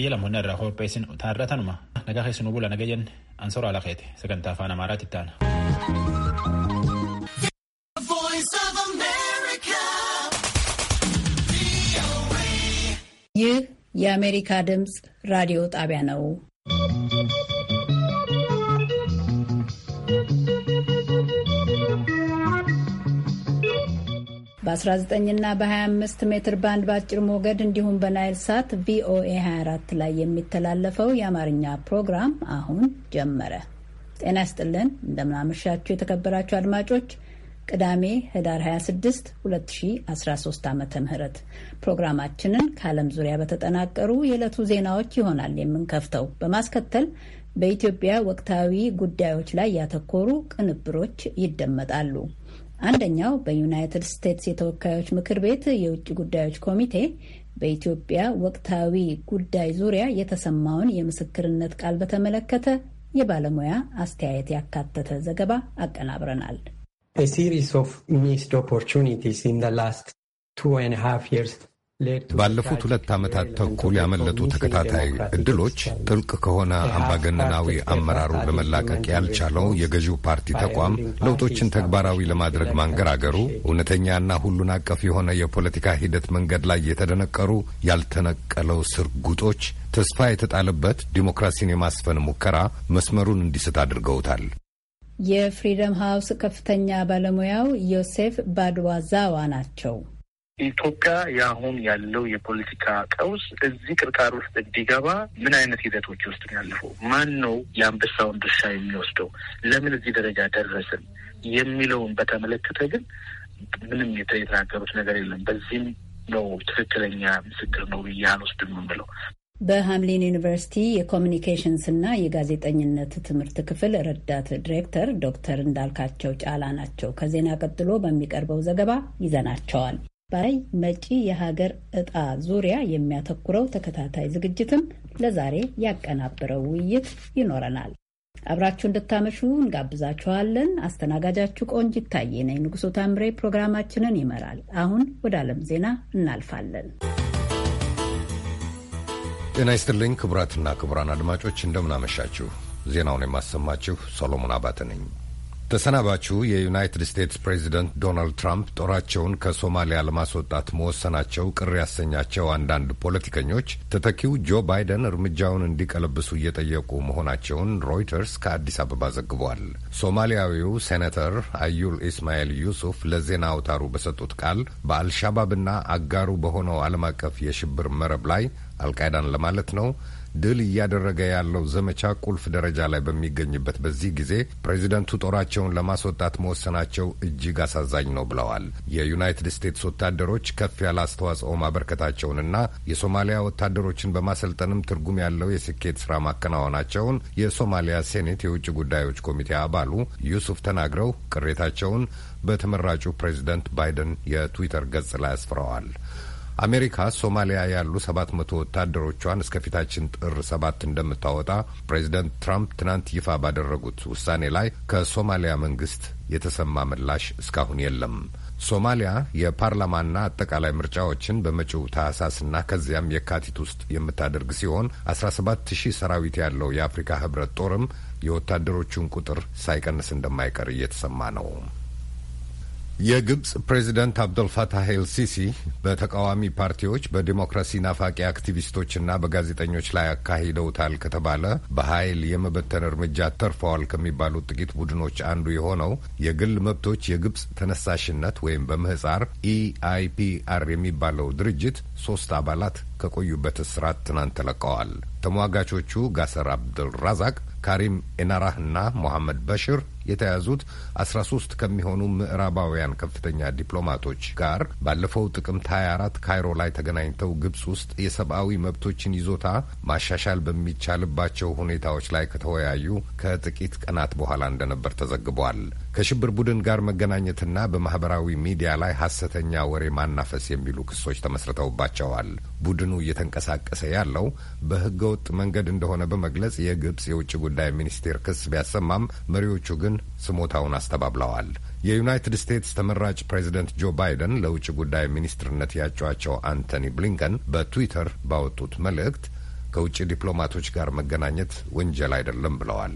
xiyya lammoonni irraa qopheessin taarratanuma nagaa keessanuu bula naga jenne ansoora ala keete sagantaa afaan amaaraatti ittaana. ይህ የአሜሪካ ድምፅ ራዲዮ ጣቢያ ነው። በ19ና በ25 ሜትር ባንድ በአጭር ሞገድ እንዲሁም በናይል ሳት ቪኦኤ 24 ላይ የሚተላለፈው የአማርኛ ፕሮግራም አሁን ጀመረ። ጤና ይስጥልን፣ እንደምናመሻችሁ የተከበራችሁ አድማጮች ቅዳሜ ህዳር 26 2013 ዓ ም ፕሮግራማችንን ከዓለም ዙሪያ በተጠናቀሩ የዕለቱ ዜናዎች ይሆናል የምንከፍተው። በማስከተል በኢትዮጵያ ወቅታዊ ጉዳዮች ላይ ያተኮሩ ቅንብሮች ይደመጣሉ። አንደኛው በዩናይትድ ስቴትስ የተወካዮች ምክር ቤት የውጭ ጉዳዮች ኮሚቴ በኢትዮጵያ ወቅታዊ ጉዳይ ዙሪያ የተሰማውን የምስክርነት ቃል በተመለከተ የባለሙያ አስተያየት ያካተተ ዘገባ አቀናብረናል። ሲሪስ ኦፍ ሚስድ missed opportunities ላስት the last ባለፉት ሁለት ዓመታት ተኩል ያመለጡ ተከታታይ እድሎች ጥልቅ ከሆነ አምባገነናዊ አመራሩ ለመላቀቅ ያልቻለው የገዢው ፓርቲ ተቋም ለውጦችን ተግባራዊ ለማድረግ ማንገራገሩ እውነተኛና ሁሉን አቀፍ የሆነ የፖለቲካ ሂደት መንገድ ላይ የተደነቀሩ ያልተነቀለው ስርጉጦች ተስፋ የተጣለበት ዲሞክራሲን የማስፈን ሙከራ መስመሩን እንዲስት አድርገውታል። የፍሪደም ሃውስ ከፍተኛ ባለሙያው ዮሴፍ ባድዋዛዋ ናቸው። ኢትዮጵያ የአሁን ያለው የፖለቲካ ቀውስ እዚህ ቅርቃር ውስጥ እንዲገባ ምን አይነት ሂደቶች ውስጥ ነው ያለፈው? ማን ነው የአንበሳውን ድርሻ የሚወስደው? ለምን እዚህ ደረጃ ደረስን? የሚለውን በተመለከተ ግን ምንም የተናገሩት ነገር የለም። በዚህም ነው ትክክለኛ ምስክር ነው ብያን ውስጥ የምንለው። በሃምሊን ዩኒቨርሲቲ የኮሚኒኬሽንስ እና የጋዜጠኝነት ትምህርት ክፍል ረዳት ዲሬክተር ዶክተር እንዳልካቸው ጫላ ናቸው። ከዜና ቀጥሎ በሚቀርበው ዘገባ ይዘናቸዋል። በይ መጪ የሀገር እጣ ዙሪያ የሚያተኩረው ተከታታይ ዝግጅትም ለዛሬ ያቀናበረው ውይይት ይኖረናል። አብራችሁ እንድታመሹ እንጋብዛችኋለን። አስተናጋጃችሁ ቆንጅ ይታየ ነኝ። ንጉሶ ታምሬ ፕሮግራማችንን ይመራል። አሁን ወደ ዓለም ዜና እናልፋለን። ጤና ይስጥልኝ ክቡራትና ክቡራን አድማጮች እንደምናመሻችሁ። ዜናውን የማሰማችሁ ሰሎሞን አባተ ነኝ። ተሰናባቹ የዩናይትድ ስቴትስ ፕሬዚደንት ዶናልድ ትራምፕ ጦራቸውን ከሶማሊያ ለማስወጣት መወሰናቸው ቅር ያሰኛቸው አንዳንድ ፖለቲከኞች ተተኪው ጆ ባይደን እርምጃውን እንዲቀለብሱ እየጠየቁ መሆናቸውን ሮይተርስ ከአዲስ አበባ ዘግቧል። ሶማሊያዊው ሴኔተር አዩል ኢስማኤል ዩሱፍ ለዜና አውታሩ በሰጡት ቃል በአልሻባብና አጋሩ በሆነው ዓለም አቀፍ የሽብር መረብ ላይ አልቃይዳን ለማለት ነው ድል እያደረገ ያለው ዘመቻ ቁልፍ ደረጃ ላይ በሚገኝበት በዚህ ጊዜ ፕሬዚደንቱ ጦራቸውን ለማስወጣት መወሰናቸው እጅግ አሳዛኝ ነው ብለዋል። የዩናይትድ ስቴትስ ወታደሮች ከፍ ያለ አስተዋጽኦ ማበርከታቸውንና የሶማሊያ ወታደሮችን በማሰልጠንም ትርጉም ያለው የስኬት ስራ ማከናወናቸውን የሶማሊያ ሴኔት የውጭ ጉዳዮች ኮሚቴ አባሉ ዩሱፍ ተናግረው ቅሬታቸውን በተመራጩ ፕሬዚደንት ባይደን የትዊተር ገጽ ላይ አስፍረዋል። አሜሪካ ሶማሊያ ያሉ ሰባት መቶ ወታደሮቿን እስከፊታችን ጥር ሰባት እንደምታወጣ ፕሬዚደንት ትራምፕ ትናንት ይፋ ባደረጉት ውሳኔ ላይ ከሶማሊያ መንግስት የተሰማ ምላሽ እስካሁን የለም። ሶማሊያ የፓርላማና አጠቃላይ ምርጫዎችን በመጪው ታህሳስና ከዚያም የካቲት ውስጥ የምታደርግ ሲሆን አስራ ሺህ ሰራዊት ያለው የአፍሪካ ህብረት ጦርም የወታደሮቹን ቁጥር ሳይቀንስ እንደማይቀር እየተሰማ ነው። የግብፅ ፕሬዚደንት አብዶልፋታህ ኤልሲሲ በተቃዋሚ ፓርቲዎች በዲሞክራሲ ናፋቂ አክቲቪስቶችና በጋዜጠኞች ላይ አካሂደውታል ከተባለ በኃይል የመበተን እርምጃ ተርፈዋል ከሚባሉት ጥቂት ቡድኖች አንዱ የሆነው የግል መብቶች የግብፅ ተነሳሽነት ወይም በምህጻር ኢአይፒአር e የሚባለው ድርጅት ሶስት አባላት ከቆዩበት እስራት ትናንት ተለቀዋል። ተሟጋቾቹ ጋሰር አብዱል ራዛቅ፣ ካሪም ኢናራህ እና ሞሐመድ በሽር የተያዙት 13 ከሚሆኑ ምዕራባውያን ከፍተኛ ዲፕሎማቶች ጋር ባለፈው ጥቅምት 24 ካይሮ ላይ ተገናኝተው ግብጽ ውስጥ የሰብአዊ መብቶችን ይዞታ ማሻሻል በሚቻልባቸው ሁኔታዎች ላይ ከተወያዩ ከጥቂት ቀናት በኋላ እንደነበር ተዘግቧል። ከሽብር ቡድን ጋር መገናኘትና በማህበራዊ ሚዲያ ላይ ሐሰተኛ ወሬ ማናፈስ የሚሉ ክሶች ተመስርተውባቸዋል። ቡድኑ እየተንቀሳቀሰ ያለው በሕገወጥ መንገድ እንደሆነ በመግለጽ የግብጽ የውጭ ጉዳይ ሚኒስቴር ክስ ቢያሰማም መሪዎቹ ግን ስሞታውን አስተባብለዋል። የዩናይትድ ስቴትስ ተመራጭ ፕሬዚደንት ጆ ባይደን ለውጭ ጉዳይ ሚኒስትርነት ያጯቸው አንቶኒ ብሊንከን በትዊተር ባወጡት መልእክት ከውጭ ዲፕሎማቶች ጋር መገናኘት ወንጀል አይደለም ብለዋል።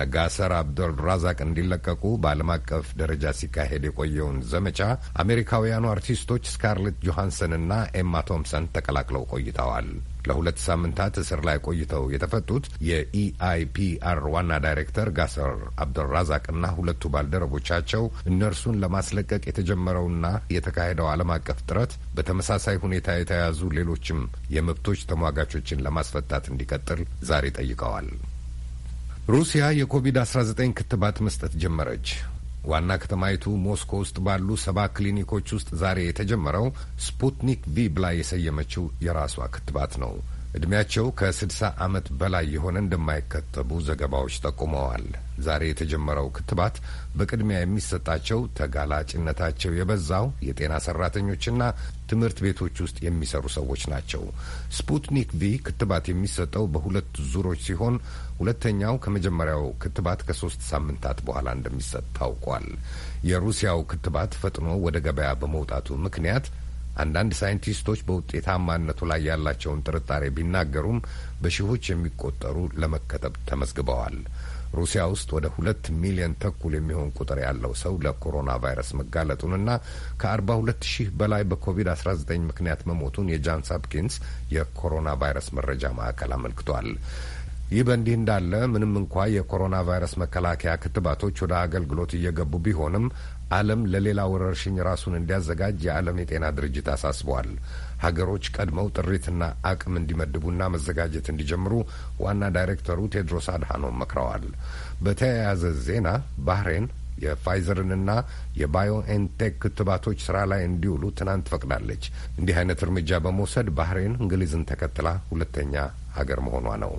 ነጋሰር አብዶል አብዱል ራዛቅ እንዲለቀቁ በዓለም አቀፍ ደረጃ ሲካሄድ የቆየውን ዘመቻ አሜሪካውያኑ አርቲስቶች ስካርሌት ጆሃንሰንና ኤማ ቶምሰን ተቀላቅለው ቆይተዋል። ለሁለት ሳምንታት እስር ላይ ቆይተው የተፈቱት የኢአይፒአር ዋና ዳይሬክተር ጋሰር አብደራዛቅና ሁለቱ ባልደረቦቻቸው እነርሱን ለማስለቀቅ የተጀመረውና የተካሄደው ዓለም አቀፍ ጥረት በተመሳሳይ ሁኔታ የተያዙ ሌሎችም የመብቶች ተሟጋቾችን ለማስፈታት እንዲቀጥል ዛሬ ጠይቀዋል። ሩሲያ የኮቪድ-19 ክትባት መስጠት ጀመረች። ዋና ከተማይቱ ሞስኮ ውስጥ ባሉ ሰባ ክሊኒኮች ውስጥ ዛሬ የተጀመረው ስፑትኒክ ቪ ብላ የሰየመችው የራሷ ክትባት ነው። ዕድሜያቸው ከ60 ዓመት በላይ የሆነ እንደማይከተቡ ዘገባዎች ጠቁመዋል። ዛሬ የተጀመረው ክትባት በቅድሚያ የሚሰጣቸው ተጋላጭነታቸው የበዛው የጤና ሰራተኞችና ትምህርት ቤቶች ውስጥ የሚሰሩ ሰዎች ናቸው። ስፑትኒክ ቪ ክትባት የሚሰጠው በሁለት ዙሮች ሲሆን ሁለተኛው ከመጀመሪያው ክትባት ከሶስት ሳምንታት በኋላ እንደሚሰጥ ታውቋል። የሩሲያው ክትባት ፈጥኖ ወደ ገበያ በመውጣቱ ምክንያት አንዳንድ ሳይንቲስቶች በውጤታማነቱ ላይ ያላቸውን ጥርጣሬ ቢናገሩም በሺዎች የሚቆጠሩ ለመከተብ ተመዝግበዋል። ሩሲያ ውስጥ ወደ ሁለት ሚሊዮን ተኩል የሚሆን ቁጥር ያለው ሰው ለኮሮና ቫይረስ መጋለጡንና ከ42 ሺህ በላይ በኮቪድ 19 ምክንያት መሞቱን የጃንስ ሀፕኪንስ የኮሮና ቫይረስ መረጃ ማዕከል አመልክቷል። ይህ በእንዲህ እንዳለ ምንም እንኳ የኮሮና ቫይረስ መከላከያ ክትባቶች ወደ አገልግሎት እየገቡ ቢሆንም ዓለም ለሌላ ወረርሽኝ ራሱን እንዲያዘጋጅ የዓለም የጤና ድርጅት አሳስበዋል። ሀገሮች ቀድመው ጥሪትና አቅም እንዲመድቡና መዘጋጀት እንዲጀምሩ ዋና ዳይሬክተሩ ቴድሮስ አድሃኖም መክረዋል። በተያያዘ ዜና ባህሬን የፋይዘርንና የባዮኤንቴክ ክትባቶች ስራ ላይ እንዲውሉ ትናንት ፈቅዳለች። እንዲህ አይነት እርምጃ በመውሰድ ባህሬን እንግሊዝን ተከትላ ሁለተኛ ሀገር መሆኗ ነው።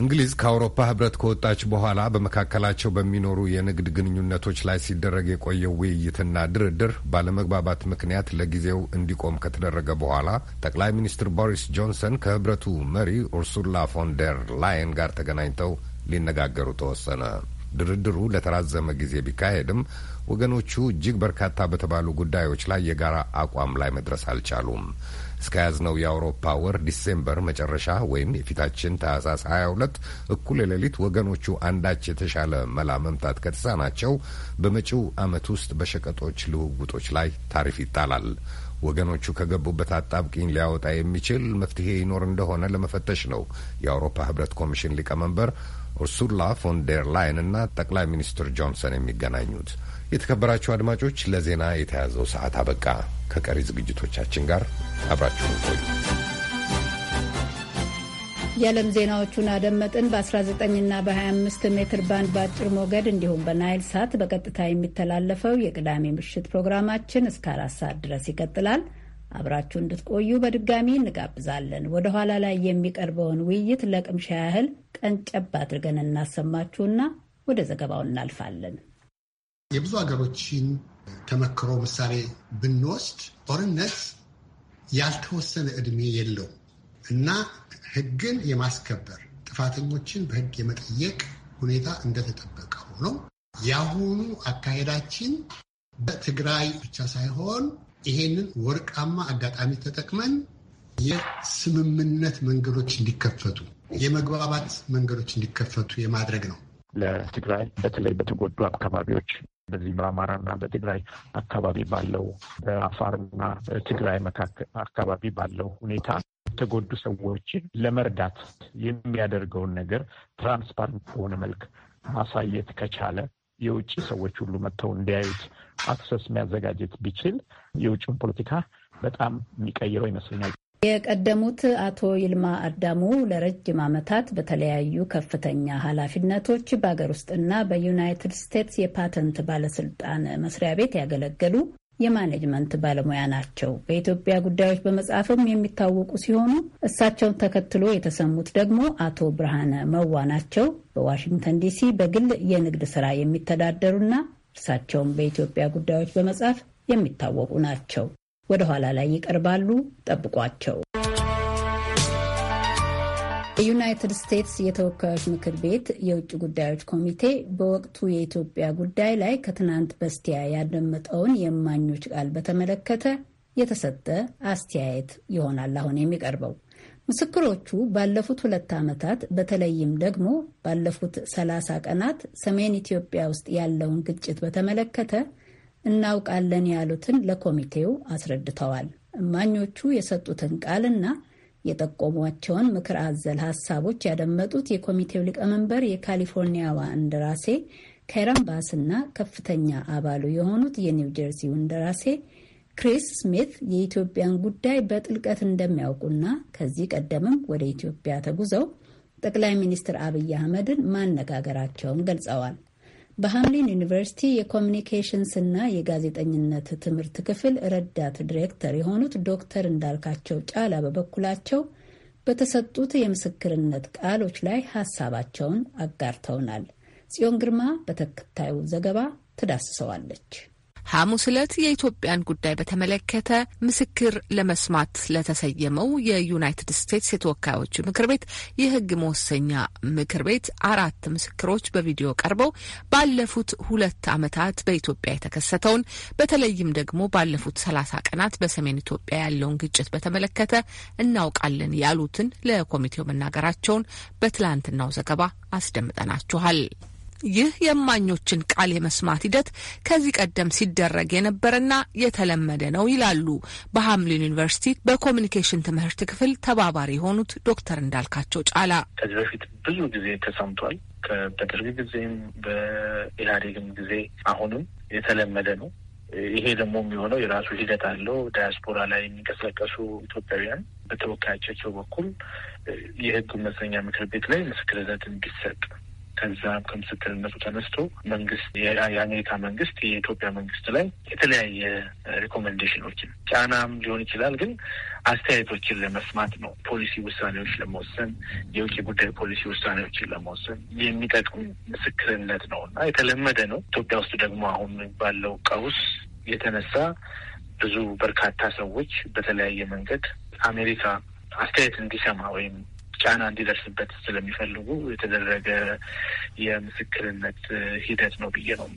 እንግሊዝ ከአውሮፓ ህብረት ከወጣች በኋላ በመካከላቸው በሚኖሩ የንግድ ግንኙነቶች ላይ ሲደረግ የቆየው ውይይትና ድርድር ባለመግባባት ምክንያት ለጊዜው እንዲቆም ከተደረገ በኋላ ጠቅላይ ሚኒስትር ቦሪስ ጆንሰን ከህብረቱ መሪ ኡርሱላ ፎንደር ላየን ጋር ተገናኝተው ሊነጋገሩ ተወሰነ። ድርድሩ ለተራዘመ ጊዜ ቢካሄድም ወገኖቹ እጅግ በርካታ በተባሉ ጉዳዮች ላይ የጋራ አቋም ላይ መድረስ አልቻሉም። እስከ ያዝነው የአውሮፓ ወር ዲሴምበር መጨረሻ ወይም የፊታችን ታህሳስ 22 እኩል ሌሊት ወገኖቹ አንዳች የተሻለ መላ መምታት ከተሳናቸው በመጪው ዓመት ውስጥ በሸቀጦች ልውውጦች ላይ ታሪፍ ይጣላል። ወገኖቹ ከገቡበት አጣብቂኝ ሊያወጣ የሚችል መፍትሄ ይኖር እንደሆነ ለመፈተሽ ነው የአውሮፓ ህብረት ኮሚሽን ሊቀመንበር ኡርሱላ ፎንደር ላይን እና ጠቅላይ ሚኒስትር ጆንሰን የሚገናኙት። የተከበራችሁ አድማጮች ለዜና የተያዘው ሰዓት አበቃ። ከቀሪ ዝግጅቶቻችን ጋር አብራችሁ ቆዩ። የዓለም ዜናዎቹን አደመጥን። በ19ና በ25 ሜትር ባንድ በአጭር ሞገድ እንዲሁም በናይል ሳት በቀጥታ የሚተላለፈው የቅዳሜ ምሽት ፕሮግራማችን እስከ አራት ሰዓት ድረስ ይቀጥላል። አብራችሁ እንድትቆዩ በድጋሚ እንጋብዛለን። ወደ ኋላ ላይ የሚቀርበውን ውይይት ለቅምሻ ያህል ቀንጨብ አድርገን እናሰማችሁና ወደ ዘገባው እናልፋለን። የብዙ ሀገሮችን ተመክሮ ምሳሌ ብንወስድ ጦርነት ያልተወሰነ እድሜ የለው እና ህግን የማስከበር ጥፋተኞችን በህግ የመጠየቅ ሁኔታ እንደተጠበቀ ሆኖ የአሁኑ አካሄዳችን በትግራይ ብቻ ሳይሆን ይሄንን ወርቃማ አጋጣሚ ተጠቅመን የስምምነት መንገዶች እንዲከፈቱ የመግባባት መንገዶች እንዲከፈቱ የማድረግ ነው። ለትግራይ በተለይ በተጎዱ አካባቢዎች በዚህ በአማራና በትግራይ አካባቢ ባለው በአፋርና ትግራይ መካከል አካባቢ ባለው ሁኔታ የተጎዱ ሰዎችን ለመርዳት የሚያደርገውን ነገር ትራንስፓረንት በሆነ መልክ ማሳየት ከቻለ የውጭ ሰዎች ሁሉ መጥተው እንዲያዩት አክሰስ የሚያዘጋጀት ቢችል የውጭውን ፖለቲካ በጣም የሚቀይረው ይመስለኛል። የቀደሙት አቶ ይልማ አዳሙ ለረጅም ዓመታት በተለያዩ ከፍተኛ ኃላፊነቶች በአገር ውስጥና በዩናይትድ ስቴትስ የፓተንት ባለስልጣን መስሪያ ቤት ያገለገሉ የማኔጅመንት ባለሙያ ናቸው። በኢትዮጵያ ጉዳዮች በመጽሐፍም የሚታወቁ ሲሆኑ እሳቸውን ተከትሎ የተሰሙት ደግሞ አቶ ብርሃነ መዋ ናቸው። በዋሽንግተን ዲሲ በግል የንግድ ስራ የሚተዳደሩና እርሳቸውን በኢትዮጵያ ጉዳዮች በመጽሐፍ የሚታወቁ ናቸው። ወደ ኋላ ላይ ይቀርባሉ። ጠብቋቸው። የዩናይትድ ስቴትስ የተወካዮች ምክር ቤት የውጭ ጉዳዮች ኮሚቴ በወቅቱ የኢትዮጵያ ጉዳይ ላይ ከትናንት በስቲያ ያደመጠውን የእማኞች ቃል በተመለከተ የተሰጠ አስተያየት ይሆናል አሁን የሚቀርበው። ምስክሮቹ ባለፉት ሁለት ዓመታት በተለይም ደግሞ ባለፉት ሰላሳ ቀናት ሰሜን ኢትዮጵያ ውስጥ ያለውን ግጭት በተመለከተ እናውቃለን ያሉትን ለኮሚቴው አስረድተዋል። እማኞቹ የሰጡትን ቃልና የጠቆሟቸውን ምክር አዘል ሀሳቦች ያደመጡት የኮሚቴው ሊቀመንበር የካሊፎርኒያዋ እንደራሴ ካረን ከፍተኛ አባሉ የሆኑት የኒው ጀርሲው እንደራሴ ክሪስ ስሚት የኢትዮጵያን ጉዳይ በጥልቀት እንደሚያውቁና ከዚህ ቀደምም ወደ ኢትዮጵያ ተጉዘው ጠቅላይ ሚኒስትር አብይ አህመድን ማነጋገራቸውን ገልጸዋል። በሃምሊን ዩኒቨርሲቲ እና የጋዜጠኝነት ትምህርት ክፍል ረዳት ዲሬክተር የሆኑት ዶክተር እንዳልካቸው ጫላ በበኩላቸው በተሰጡት የምስክርነት ቃሎች ላይ ሀሳባቸውን አጋርተውናል። ጽዮን ግርማ በተከታዩ ዘገባ ትዳስሰዋለች። ሐሙስ ዕለት የኢትዮጵያን ጉዳይ በተመለከተ ምስክር ለመስማት ለተሰየመው የዩናይትድ ስቴትስ የተወካዮች ምክር ቤት የሕግ መወሰኛ ምክር ቤት አራት ምስክሮች በቪዲዮ ቀርበው ባለፉት ሁለት ዓመታት በኢትዮጵያ የተከሰተውን በተለይም ደግሞ ባለፉት ሰላሳ ቀናት በሰሜን ኢትዮጵያ ያለውን ግጭት በተመለከተ እናውቃለን ያሉትን ለኮሚቴው መናገራቸውን በትላንትናው ዘገባ አስደምጠናችኋል። ይህ የእማኞችን ቃል የመስማት ሂደት ከዚህ ቀደም ሲደረግ የነበረና የተለመደ ነው ይላሉ በሀምሊን ዩኒቨርሲቲ በኮሚኒኬሽን ትምህርት ክፍል ተባባሪ የሆኑት ዶክተር እንዳልካቸው ጫላ። ከዚህ በፊት ብዙ ጊዜ ተሰምቷል። በደርግ ጊዜም በኢህአዴግም ጊዜ አሁንም የተለመደ ነው። ይሄ ደግሞ የሚሆነው የራሱ ሂደት አለው። ዳያስፖራ ላይ የሚንቀሳቀሱ ኢትዮጵያውያን በተወካዮቻቸው በኩል የህግ መሰኛ ምክር ቤት ላይ ምስክርነት እንዲሰጥ ከዛ ከምስክርነቱ ተነስቶ መንግስት የአሜሪካ መንግስት የኢትዮጵያ መንግስት ላይ የተለያየ ሪኮመንዴሽኖችን ጫናም ሊሆን ይችላል፣ ግን አስተያየቶችን ለመስማት ነው። ፖሊሲ ውሳኔዎች ለመወሰን የውጭ ጉዳይ ፖሊሲ ውሳኔዎችን ለመወሰን የሚጠቅም ምስክርነት ነው እና የተለመደ ነው። ኢትዮጵያ ውስጥ ደግሞ አሁን ባለው ቀውስ የተነሳ ብዙ በርካታ ሰዎች በተለያየ መንገድ አሜሪካ አስተያየት እንዲሰማ ወይም ጫና እንዲደርስበት ስለሚፈልጉ የተደረገ የምስክርነት ሂደት ነው ብዬ ነው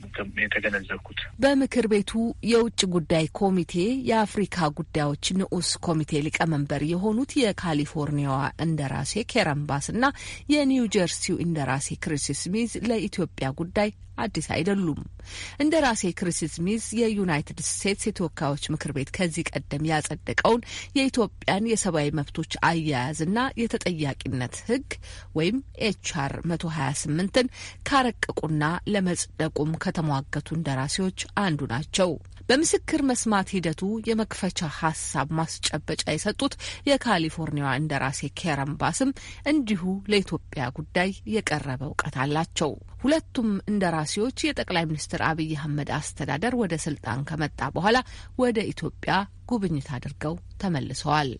የተገነዘብኩት። በምክር ቤቱ የውጭ ጉዳይ ኮሚቴ የአፍሪካ ጉዳዮች ንዑስ ኮሚቴ ሊቀመንበር የሆኑት የካሊፎርኒያዋ እንደራሴ ኬረንባስ ባስ እና የኒው ጀርሲው እንደራሴ ክሪስ ስሚዝ ለኢትዮጵያ ጉዳይ አዲስ አይደሉም። እንደ ራሴ ክሪስ ስሚዝ የዩናይትድ ስቴትስ የተወካዮች ምክር ቤት ከዚህ ቀደም ያጸደቀውን የኢትዮጵያን የሰብአዊ መብቶች አያያዝና የተጠያቂነት ሕግ ወይም ኤችአር ሀያ ስምንትን ካረቀቁና ለመጽደቁም ከተሟገቱ እንደራሴዎች አንዱ ናቸው። በምስክር መስማት ሂደቱ የመክፈቻ ሀሳብ ማስጨበጫ የሰጡት የካሊፎርኒያዋ እንደራሴ ኬረን ባስም እንዲሁ ለኢትዮጵያ ጉዳይ የቀረበ እውቀት አላቸው። ሁለቱም እንደራሴዎች የጠቅላይ ሚኒስትር አብይ አህመድ አስተዳደር ወደ ስልጣን ከመጣ በኋላ ወደ ኢትዮጵያ ጉብኝት አድርገው ተመልሰዋል።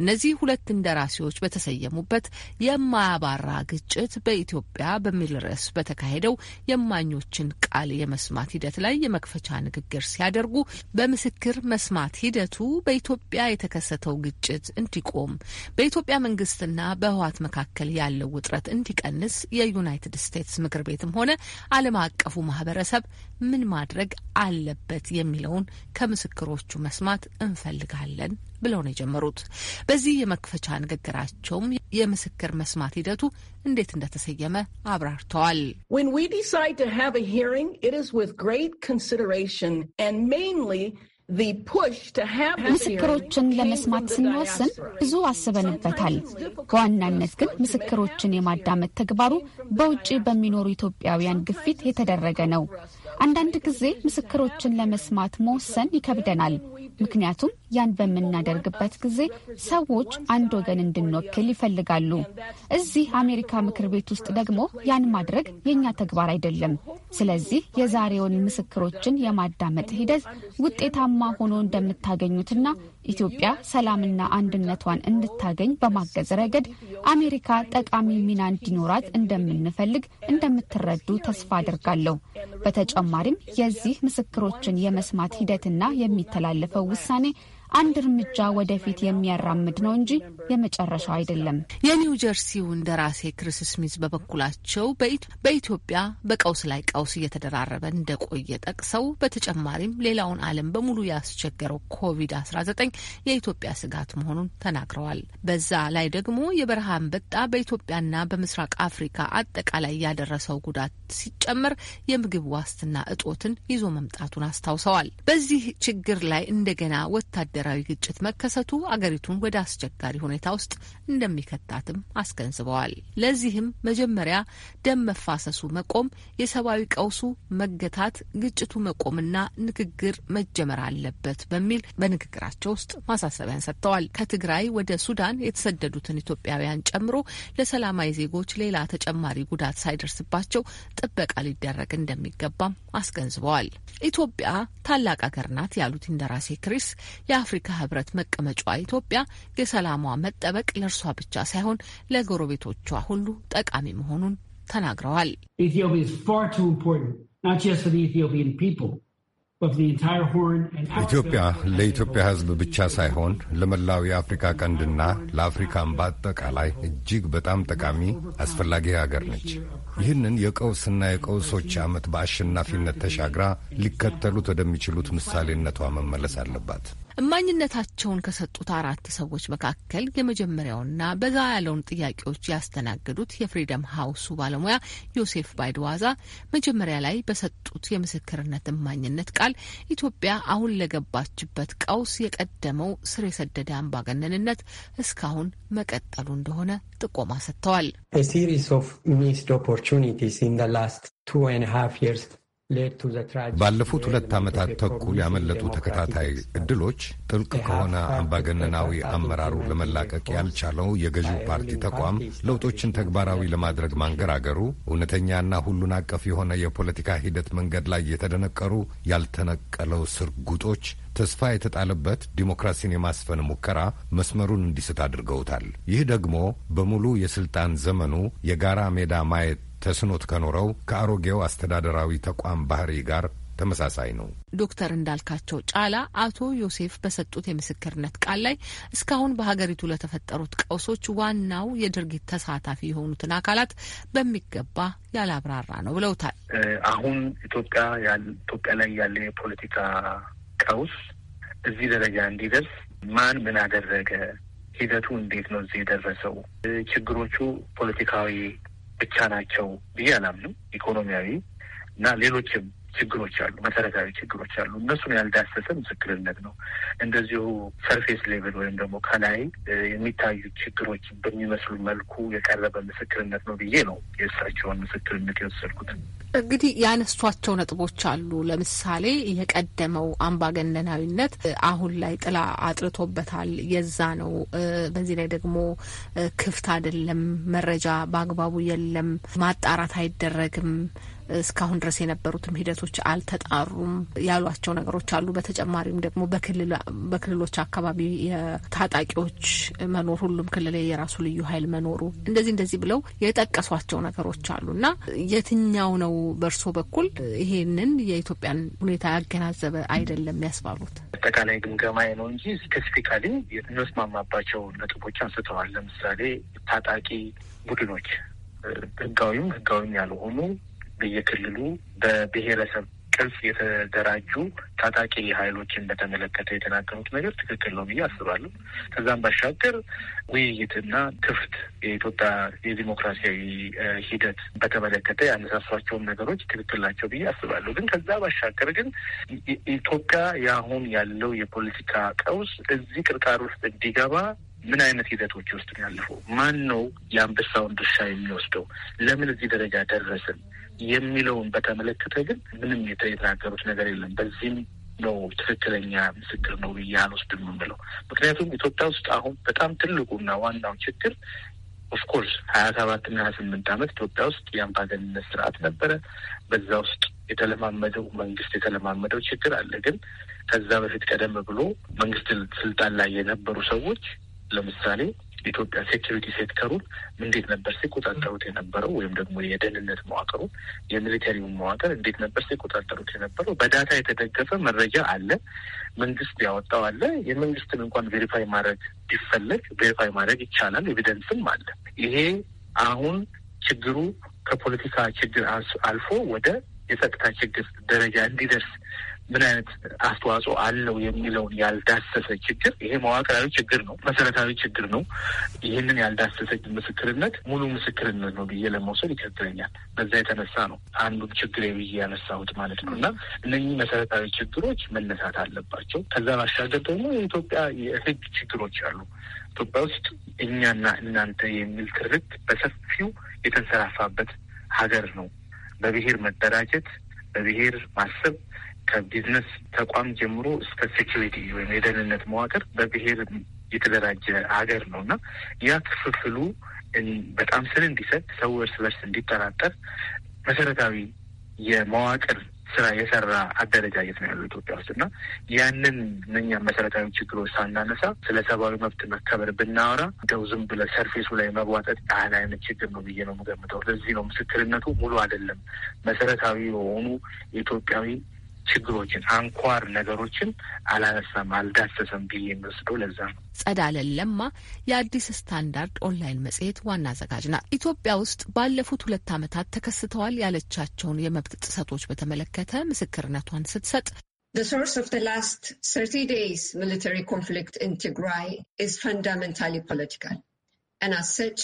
እነዚህ ሁለት እንደራሴዎች በተሰየሙበት የማያባራ ግጭት በኢትዮጵያ በሚል ርዕስ በተካሄደው የማኞችን ቃል የመስማት ሂደት ላይ የመክፈቻ ንግግር ሲያደርጉ በምስክር መስማት ሂደቱ በኢትዮጵያ የተከሰተው ግጭት እንዲቆም፣ በኢትዮጵያ መንግስትና በህወሓት መካከል ያለው ውጥረት እንዲቀንስ የዩናይትድ ስቴትስ ምክር ቤትም ሆነ ዓለም አቀፉ ማህበረሰብ ምን ማድረግ አለበት የሚለውን ከምስክሮቹ መስማት እንፈልጋለን ብለው ነው የጀመሩት። በዚህ የመክፈቻ ንግግራቸውም የምስክር መስማት ሂደቱ እንዴት እንደተሰየመ አብራርተዋል። ምስክሮችን ለመስማት ስንወስን ብዙ አስበንበታል። በዋናነት ግን ምስክሮችን የማዳመጥ ተግባሩ በውጭ በሚኖሩ ኢትዮጵያውያን ግፊት የተደረገ ነው። አንዳንድ ጊዜ ምስክሮችን ለመስማት መወሰን ይከብደናል። ምክንያቱም ያን በምናደርግበት ጊዜ ሰዎች አንድ ወገን እንድንወክል ይፈልጋሉ። እዚህ አሜሪካ ምክር ቤት ውስጥ ደግሞ ያን ማድረግ የእኛ ተግባር አይደለም። ስለዚህ የዛሬውን ምስክሮችን የማዳመጥ ሂደት ውጤታማ ሆኖ እንደምታገኙትና ኢትዮጵያ ሰላምና አንድነቷን እንድታገኝ በማገዝ ረገድ አሜሪካ ጠቃሚ ሚና እንዲኖራት እንደምንፈልግ እንደምትረዱ ተስፋ አድርጋለሁ። በተጨማሪም የዚህ ምስክሮችን የመስማት ሂደትና የሚተላለፈው ውሳኔ አንድ እርምጃ ወደፊት የሚያራምድ ነው እንጂ የመጨረሻው አይደለም። የኒው ጀርሲው እንደራሴ ክሪስ ስሚዝ በበኩላቸው በኢትዮጵያ በቀውስ ላይ ቀውስ እየተደራረበ እንደቆየ ጠቅሰው በተጨማሪም ሌላውን ዓለም በሙሉ ያስቸገረው ኮቪድ-19 የኢትዮጵያ ስጋት መሆኑን ተናግረዋል። በዛ ላይ ደግሞ የበረሃ አንበጣ በኢትዮጵያና በምስራቅ አፍሪካ አጠቃላይ ያደረሰው ጉዳት ሲጨመር የምግብ ዋስትና እጦትን ይዞ መምጣቱን አስታውሰዋል። በዚህ ችግር ላይ እንደገና ወታደ ወታደራዊ ግጭት መከሰቱ አገሪቱን ወደ አስቸጋሪ ሁኔታ ውስጥ እንደሚከታትም አስገንዝበዋል። ለዚህም መጀመሪያ ደም መፋሰሱ መቆም፣ የሰብአዊ ቀውሱ መገታት፣ ግጭቱ መቆምና ንግግር መጀመር አለበት በሚል በንግግራቸው ውስጥ ማሳሰቢያን ሰጥተዋል። ከትግራይ ወደ ሱዳን የተሰደዱትን ኢትዮጵያውያን ጨምሮ ለሰላማዊ ዜጎች ሌላ ተጨማሪ ጉዳት ሳይደርስባቸው ጥበቃ ሊደረግ እንደሚገባም አስገንዝበዋል። ኢትዮጵያ ታላቅ አገር ናት ያሉት እንደራሴ ክሪስ የአፍ የአፍሪካ ህብረት መቀመጫዋ ኢትዮጵያ የሰላሟ መጠበቅ ለእርሷ ብቻ ሳይሆን ለጎረቤቶቿ ሁሉ ጠቃሚ መሆኑን ተናግረዋል። ኢትዮጵያ ለኢትዮጵያ ህዝብ ብቻ ሳይሆን ለመላው የአፍሪካ ቀንድና ለአፍሪካን በአጠቃላይ እጅግ በጣም ጠቃሚ አስፈላጊ ሀገር ነች። ይህንን የቀውስና የቀውሶች ዓመት በአሸናፊነት ተሻግራ ሊከተሉት ወደሚችሉት ምሳሌነቷ መመለስ አለባት። እማኝነታቸውን ከሰጡት አራት ሰዎች መካከል የመጀመሪያውና በዛ ያለውን ጥያቄዎች ያስተናገዱት የፍሪደም ሀውሱ ባለሙያ ዮሴፍ ባይድዋዛ መጀመሪያ ላይ በሰጡት የምስክርነት እማኝነት ቃል ኢትዮጵያ አሁን ለገባችበት ቀውስ የቀደመው ስር የሰደደ አምባገነንነት እስካሁን መቀጠሉ እንደሆነ ጥቆማ ሰጥተዋል። A series of missed ባለፉት ሁለት ዓመታት ተኩል ያመለጡ ተከታታይ ዕድሎች ጥልቅ ከሆነ አምባገነናዊ አመራሩ ለመላቀቅ ያልቻለው የገዢው ፓርቲ ተቋም ለውጦችን ተግባራዊ ለማድረግ ማንገራገሩ እውነተኛና ሁሉን አቀፍ የሆነ የፖለቲካ ሂደት መንገድ ላይ የተደነቀሩ ያልተነቀለው ስርጉጦች ተስፋ የተጣለበት ዲሞክራሲን የማስፈን ሙከራ መስመሩን እንዲስት አድርገውታል። ይህ ደግሞ በሙሉ የስልጣን ዘመኑ የጋራ ሜዳ ማየት ተስኖት ከኖረው ከአሮጌው አስተዳደራዊ ተቋም ባህሪ ጋር ተመሳሳይ ነው። ዶክተር እንዳልካቸው ጫላ አቶ ዮሴፍ በሰጡት የምስክርነት ቃል ላይ እስካሁን በሀገሪቱ ለተፈጠሩት ቀውሶች ዋናው የድርጊት ተሳታፊ የሆኑትን አካላት በሚገባ ያላብራራ ነው ብለውታል። አሁን ኢትዮጵያ ኢትዮጵያ ላይ ያለ የፖለቲካ ቀውስ እዚህ ደረጃ እንዲደርስ ማን ምን አደረገ? ሂደቱ እንዴት ነው እዚህ የደረሰው? ችግሮቹ ፖለቲካዊ ብቻ ናቸው ብዬ አላምንም። ኢኮኖሚያዊ እና ሌሎችም ችግሮች አሉ፣ መሰረታዊ ችግሮች አሉ። እነሱን ያልዳሰሰ ምስክርነት ነው። እንደዚሁ ሰርፌስ ሌቭል ወይም ደግሞ ከላይ የሚታዩ ችግሮች በሚመስሉ መልኩ የቀረበ ምስክርነት ነው ብዬ ነው የእሳቸውን ምስክርነት የወሰድኩት። እንግዲህ ያነሷቸው ነጥቦች አሉ። ለምሳሌ የቀደመው አምባገነናዊነት አሁን ላይ ጥላ አጥርቶበታል። የዛ ነው። በዚህ ላይ ደግሞ ክፍት አይደለም፣ መረጃ በአግባቡ የለም፣ ማጣራት አይደረግም እስካሁን ድረስ የነበሩትም ሂደቶች አልተጣሩም ያሏቸው ነገሮች አሉ። በተጨማሪም ደግሞ በክልሎች አካባቢ የታጣቂዎች መኖር፣ ሁሉም ክልል የራሱ ልዩ ኃይል መኖሩ እንደዚህ እንደዚህ ብለው የጠቀሷቸው ነገሮች አሉ እና የትኛው ነው በእርሶ በኩል ይሄንን የኢትዮጵያን ሁኔታ ያገናዘበ አይደለም ያስባሉት? አጠቃላይ ግምገማዬ ነው እንጂ ስፔሲፊካሊ የምንስማማባቸው ነጥቦች አንስተዋል። ለምሳሌ ታጣቂ ቡድኖች ህጋዊም ህጋዊም ያልሆኑ በየክልሉ በብሔረሰብ ቅርጽ የተደራጁ ታጣቂ ኃይሎችን በተመለከተ የተናገሩት ነገር ትክክል ነው ብዬ አስባለሁ። ከዛም ባሻገር ውይይትና ክፍት የኢትዮጵያ የዲሞክራሲያዊ ሂደት በተመለከተ ያነሳሷቸውን ነገሮች ትክክል ናቸው ብዬ አስባለሁ። ግን ከዛ ባሻገር ግን ኢትዮጵያ የአሁን ያለው የፖለቲካ ቀውስ እዚህ ቅርቃር ውስጥ እንዲገባ ምን አይነት ሂደቶች ውስጥ ያለፈው? ማን ነው የአንበሳውን ድርሻ የሚወስደው? ለምን እዚህ ደረጃ ደረስን? የሚለውን በተመለከተ ግን ምንም የተናገሩት ነገር የለም። በዚህም ነው ትክክለኛ ምስክር ነው ብዬ አልወስድም የምለው። ምክንያቱም ኢትዮጵያ ውስጥ አሁን በጣም ትልቁና ዋናው ችግር ኦፍኮርስ ሀያ ሰባትና ሀያ ስምንት ዓመት ኢትዮጵያ ውስጥ የአምባገንነት ስርዓት ነበረ። በዛ ውስጥ የተለማመደው መንግስት የተለማመደው ችግር አለ። ግን ከዛ በፊት ቀደም ብሎ መንግስት ስልጣን ላይ የነበሩ ሰዎች ለምሳሌ ኢትዮጵያ ሴኪሪቲ ሴክተሩን እንዴት ነበር ሲቆጣጠሩት የነበረው ወይም ደግሞ የደህንነት መዋቅሩ የሚሊተሪውን መዋቅር እንዴት ነበር ሲቆጣጠሩት የነበረው? በዳታ የተደገፈ መረጃ አለ፣ መንግስት ያወጣው አለ። የመንግስትን እንኳን ቬሪፋይ ማድረግ ቢፈለግ ቬሪፋይ ማድረግ ይቻላል፣ ኤቪደንስም አለ። ይሄ አሁን ችግሩ ከፖለቲካ ችግር አልፎ ወደ የጸጥታ ችግር ደረጃ እንዲደርስ ምን አይነት አስተዋጽኦ አለው የሚለውን ያልዳሰሰ ችግር ይሄ መዋቅራዊ ችግር ነው፣ መሰረታዊ ችግር ነው። ይህንን ያልዳሰሰ ምስክርነት ሙሉ ምስክርነት ነው ብዬ ለመውሰድ ይከብደኛል። በዛ የተነሳ ነው አንዱን ችግር ብዬ ያነሳሁት ማለት ነው። እና እነኚህ መሰረታዊ ችግሮች መነሳት አለባቸው። ከዛ ባሻገር ደግሞ የኢትዮጵያ የህግ ችግሮች አሉ። ኢትዮጵያ ውስጥ እኛና እናንተ የሚል ትርክ በሰፊው የተንሰራፋበት ሀገር ነው። በብሔር መደራጀት፣ በብሔር ማሰብ ከቢዝነስ ተቋም ጀምሮ እስከ ሴኪሪቲ ወይም የደህንነት መዋቅር በብሔር የተደራጀ ሀገር ነው እና ያ ክፍፍሉ በጣም ስር እንዲሰጥ፣ ሰው እርስ በርስ እንዲጠራጠር መሰረታዊ የመዋቅር ስራ የሰራ አደረጃጀት ነው ያሉ ኢትዮጵያ ውስጥ እና ያንን እነኛ መሰረታዊ ችግሮች ሳናነሳ ስለ ሰብአዊ መብት መከበር ብናወራ እንደው ዝም ብለ ሰርፌሱ ላይ መቧጠጥ ያህል አይነት ችግር ነው ብዬ ነው የምገምተው። ለዚህ ነው ምስክርነቱ ሙሉ አይደለም። መሰረታዊ የሆኑ ኢትዮጵያዊ ችግሮችን አንኳር ነገሮችን አላነሳም፣ አልዳሰሰም ብዬ የምወስደው ለዛ ነው። ጸዳለን ለማ የአዲስ ስታንዳርድ ኦንላይን መጽሔት ዋና አዘጋጅ ናት። ኢትዮጵያ ውስጥ ባለፉት ሁለት ዓመታት ተከስተዋል ያለቻቸውን የመብት ጥሰቶች በተመለከተ ምስክርነቷን ስትሰጥ The source of the last 30 days military conflict in Tigray is fundamentally political and as such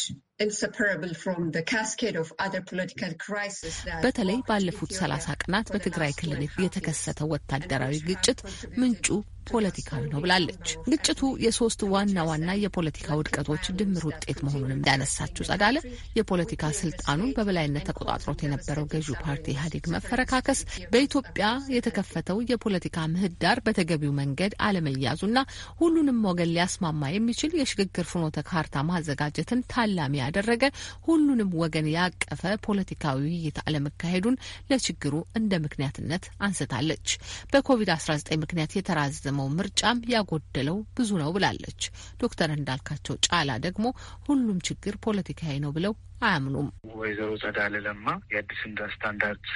በተለይ ባለፉት ሰላሳ ቀናት በትግራይ ክልል የተከሰተው ወታደራዊ ግጭት ምንጩ ፖለቲካዊ ነው ብላለች። ግጭቱ የሶስት ዋና ዋና የፖለቲካ ውድቀቶች ድምር ውጤት መሆኑን እንዳነሳችው ጸዳለ የፖለቲካ ስልጣኑን በበላይነት ተቆጣጥሮት የነበረው ገዢው ፓርቲ ኢህአዴግ መፈረካከስ፣ በኢትዮጵያ የተከፈተው የፖለቲካ ምህዳር በተገቢው መንገድ አለመያዙና ሁሉንም ወገን ሊያስማማ የሚችል የሽግግር ፍኖተ ካርታ ማዘጋጀትን ታላሚ ያደረገ ሁሉንም ወገን ያቀፈ ፖለቲካዊ ውይይት አለመካሄዱን ለችግሩ እንደ ምክንያትነት አንስታለች። በኮቪድ-19 ምክንያት የተራዘመው ምርጫም ያጎደለው ብዙ ነው ብላለች። ዶክተር እንዳልካቸው ጫላ ደግሞ ሁሉም ችግር ፖለቲካዊ ነው ብለው አያምኑም። ወይዘሮ ጸዳለ ለማ የአዲስ ስታንዳርድ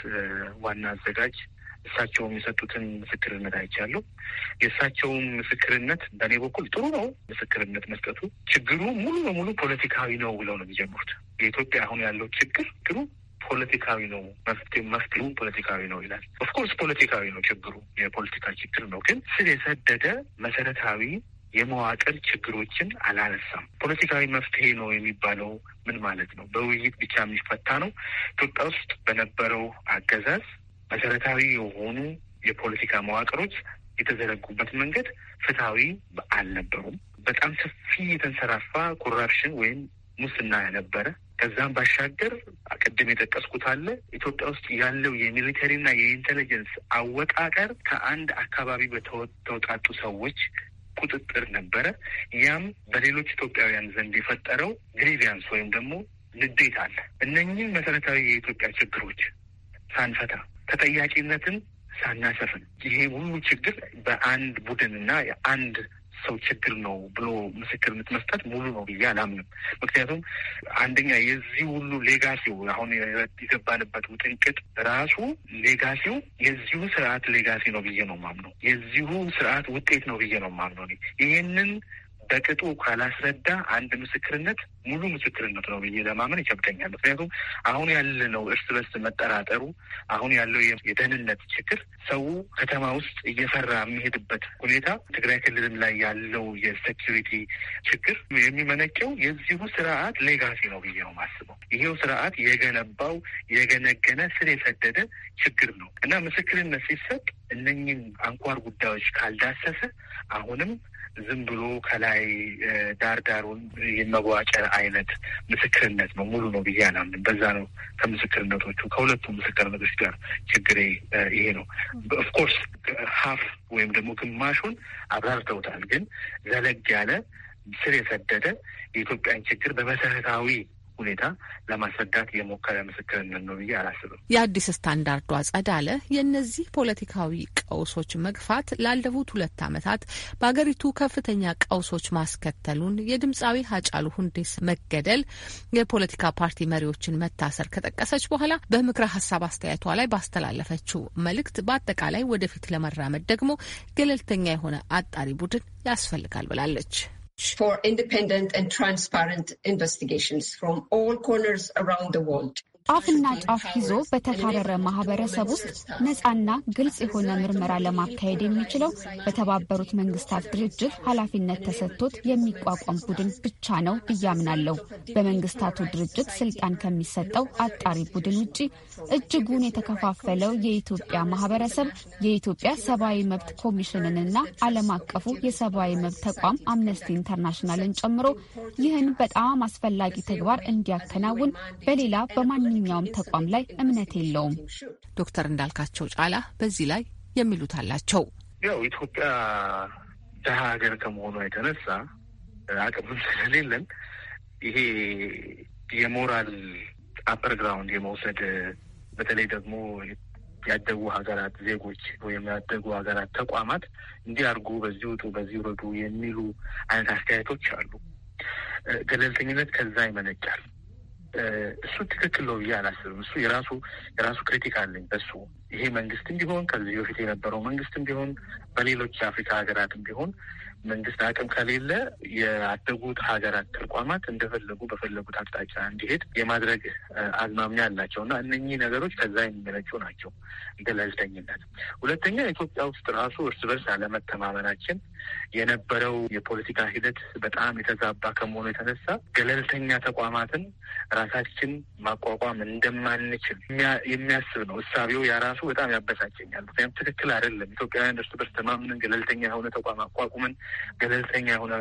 ዋና አዘጋጅ እሳቸውም የሰጡትን ምስክርነት አይቻለሁ። የእሳቸውም ምስክርነት በእኔ በኩል ጥሩ ነው። ምስክርነት መስጠቱ ችግሩ ሙሉ በሙሉ ፖለቲካዊ ነው ብለው ነው የሚጀምሩት። የኢትዮጵያ አሁን ያለው ችግር ግሩ ፖለቲካዊ ነው፣ መፍትሄ መፍትሄውም ፖለቲካዊ ነው ይላል። ኦፍኮርስ ፖለቲካዊ ነው ችግሩ፣ የፖለቲካ ችግር ነው። ግን ስር የሰደደ መሰረታዊ የመዋቅር ችግሮችን አላነሳም። ፖለቲካዊ መፍትሄ ነው የሚባለው ምን ማለት ነው? በውይይት ብቻ የሚፈታ ነው? ኢትዮጵያ ውስጥ በነበረው አገዛዝ መሰረታዊ የሆኑ የፖለቲካ መዋቅሮች የተዘረጉበት መንገድ ፍትሐዊ አልነበሩም። በጣም ሰፊ የተንሰራፋ ኮራፕሽን ወይም ሙስና ነበረ። ከዛም ባሻገር ቅድም የጠቀስኩት አለ ኢትዮጵያ ውስጥ ያለው የሚሊተሪና የኢንቴሊጀንስ አወቃቀር ከአንድ አካባቢ በተወጣጡ ሰዎች ቁጥጥር ነበረ። ያም በሌሎች ኢትዮጵያውያን ዘንድ የፈጠረው ግሪቪያንስ ወይም ደግሞ ንዴት አለ። እነኚህ መሰረታዊ የኢትዮጵያ ችግሮች ሳንፈታ ተጠያቂነትን ሳናሰፍን ይሄ ሁሉ ችግር በአንድ ቡድን እና የአንድ ሰው ችግር ነው ብሎ ምስክርነት መስጠት ሙሉ ነው ብዬ አላምንም። ምክንያቱም አንደኛ የዚህ ሁሉ ሌጋሲው አሁን የገባንበት ውጥንቅጥ ራሱ ሌጋሲው የዚሁ ስርዓት ሌጋሲ ነው ብዬ ነው ማምነው። የዚሁ ስርዓት ውጤት ነው ብዬ ነው ማምነው። ይህንን በቅጡ ካላስረዳ አንድ ምስክርነት ሙሉ ምስክርነት ነው ብዬ ለማመን ይከብደኛል። ምክንያቱም አሁን ያለነው እርስ በርስ መጠራጠሩ፣ አሁን ያለው የደህንነት ችግር ሰው ከተማ ውስጥ እየፈራ የሚሄድበት ሁኔታ፣ ትግራይ ክልልም ላይ ያለው የሴኪሪቲ ችግር የሚመነጨው የዚሁ ስርዓት ሌጋሲ ነው ብዬ ነው ማስበው። ይሄው ስርዓት የገነባው የገነገነ ስር የሰደደ ችግር ነው እና ምስክርነት ሲሰጥ እነኝን አንኳር ጉዳዮች ካልዳሰሰ አሁንም ዝም ብሎ ከላይ ዳር ዳሩን የመዋጨር አይነት ምስክርነት ነው፣ ሙሉ ነው ብዬ አላምንም። በዛ ነው ከምስክርነቶቹ ከሁለቱ ምስክርነቶች ጋር ችግሬ ይሄ ነው። ኦፍኮርስ ሀፍ ወይም ደግሞ ግማሹን አብራርተውታል፣ ግን ዘለግ ያለ ስር የሰደደ የኢትዮጵያን ችግር በመሰረታዊ ሁኔታ ለማስረዳት የሞከረ ምስክርነት ነው ብዬ አላስብም። የአዲስ ስታንዳርዱ ጸዳለ የእነዚህ ፖለቲካዊ ቀውሶች መግፋት ላለፉት ሁለት ዓመታት በሀገሪቱ ከፍተኛ ቀውሶች ማስከተሉን፣ የድምፃዊ ሀጫሉ ሁንዴስ መገደል፣ የፖለቲካ ፓርቲ መሪዎችን መታሰር ከጠቀሰች በኋላ በምክረ ሀሳብ አስተያየቷ ላይ ባስተላለፈችው መልእክት በአጠቃላይ ወደፊት ለመራመድ ደግሞ ገለልተኛ የሆነ አጣሪ ቡድን ያስፈልጋል ብላለች። for independent and transparent investigations from all corners around the world. ጫፍና ጫፍ ይዞ በተካረረ ማህበረሰብ ውስጥ ነፃና ግልጽ የሆነ ምርመራ ለማካሄድ የሚችለው በተባበሩት መንግስታት ድርጅት ኃላፊነት ተሰጥቶት የሚቋቋም ቡድን ብቻ ነው ብያምናለው። በመንግስታቱ ድርጅት ስልጣን ከሚሰጠው አጣሪ ቡድን ውጪ እጅጉን የተከፋፈለው የኢትዮጵያ ማህበረሰብ የኢትዮጵያ ሰብአዊ መብት ኮሚሽንንና ዓለም አቀፉ የሰብአዊ መብት ተቋም አምነስቲ ኢንተርናሽናልን ጨምሮ ይህን በጣም አስፈላጊ ተግባር እንዲያከናውን በሌላ በማንኛ ማንኛውም ተቋም ላይ እምነት የለውም። ዶክተር እንዳልካቸው ጫላ በዚህ ላይ የሚሉት አላቸው። ያው ኢትዮጵያ ድሀ ሀገር ከመሆኗ የተነሳ አቅምም ስለሌለን ይሄ የሞራል አፐር ግራውንድ የመውሰድ በተለይ ደግሞ ያደጉ ሀገራት ዜጎች ወይም ያደጉ ሀገራት ተቋማት እንዲህ አድርጉ፣ በዚህ ውጡ፣ በዚህ ውረዱ የሚሉ አይነት አስተያየቶች አሉ። ገለልተኝነት ከዛ ይመነጫል። እሱ ትክክል ነው ብዬ አላስብም። እሱ የራሱ የራሱ ክሪቲክ አለኝ በሱ ይሄ መንግስትም ቢሆን ከዚህ በፊት የነበረው መንግስትም ቢሆን በሌሎች የአፍሪካ ሀገራትም ቢሆን መንግስት አቅም ከሌለ የአደጉት ሀገራት ተቋማት እንደፈለጉ በፈለጉት አቅጣጫ እንዲሄድ የማድረግ አዝማሚያ አላቸው እና እነኚህ ነገሮች ከዛ የሚመነጩ ናቸው። ገለልተኝነት። ሁለተኛ ኢትዮጵያ ውስጥ ራሱ እርስ በርስ አለመተማመናችን የነበረው የፖለቲካ ሂደት በጣም የተዛባ ከመሆኑ የተነሳ ገለልተኛ ተቋማትን ራሳችን ማቋቋም እንደማንችል የሚያስብ ነው እሳቤው። ያራሱ በጣም ያበሳጨኛል። ምክንያቱም ትክክል አይደለም። ኢትዮጵያውያን እርስ በርስ ተማምነን ገለልተኛ የሆነ ተቋም አቋቁመን ገለልተኛ የሆነ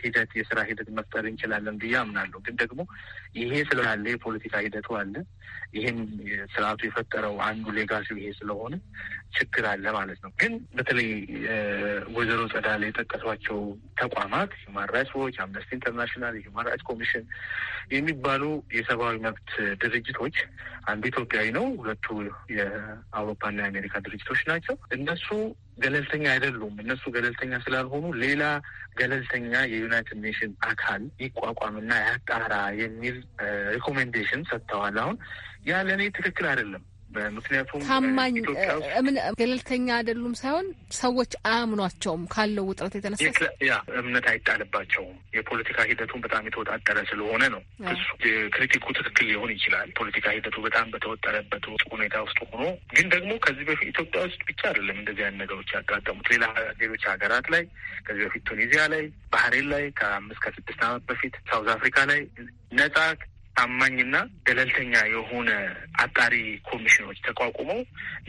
ሂደት የስራ ሂደት መፍጠር እንችላለን ብዬ አምናለሁ። ግን ደግሞ ይሄ ስላለ የፖለቲካ ሂደቱ አለ። ይህም ስርዓቱ የፈጠረው አንዱ ሌጋሲው ይሄ ስለሆነ ችግር አለ ማለት ነው። ግን በተለይ ወይዘሮ ጸዳለ የጠቀሷቸው ተቋማት ሁማን ራይትስ ዎች፣ አምነስቲ ኢንተርናሽናል፣ ሁማን ራይትስ ኮሚሽን የሚባሉ የሰብአዊ መብት ድርጅቶች አንዱ ኢትዮጵያዊ ነው፣ ሁለቱ የአውሮፓና የአሜሪካ ድርጅቶች ናቸው። እነሱ ገለልተኛ አይደሉም። እነሱ ገለልተኛ ስላልሆኑ ሌላ ገለልተኛ የዩናይትድ ኔሽን አካል ይቋቋምና ያጣራ የሚል ሪኮሜንዴሽን ሰጥተዋል። አሁን ያ ለእኔ ትክክል አይደለም። ምክንያቱም ታማኝ ገለልተኛ አይደሉም ሳይሆን ሰዎች አያምኗቸውም ካለው ውጥረት የተነሳ ያ እምነት አይጣልባቸውም። የፖለቲካ ሂደቱን በጣም የተወጣጠረ ስለሆነ ነው። እሱ ክሪቲኩ ትክክል ሊሆን ይችላል። ፖለቲካ ሂደቱ በጣም በተወጠረበት ሁኔታ ውስጥ ሆኖ ግን ደግሞ ከዚህ በፊት ኢትዮጵያ ውስጥ ብቻ አይደለም እንደዚህ አይነት ነገሮች ያጋጠሙት ሌላ ሌሎች ሀገራት ላይ ከዚህ በፊት ቱኒዚያ ላይ፣ ባህሬን ላይ ከአምስት ከስድስት ዓመት በፊት ሳውዝ አፍሪካ ላይ ነጻ ታማኝና ገለልተኛ የሆነ አጣሪ ኮሚሽኖች ተቋቁመው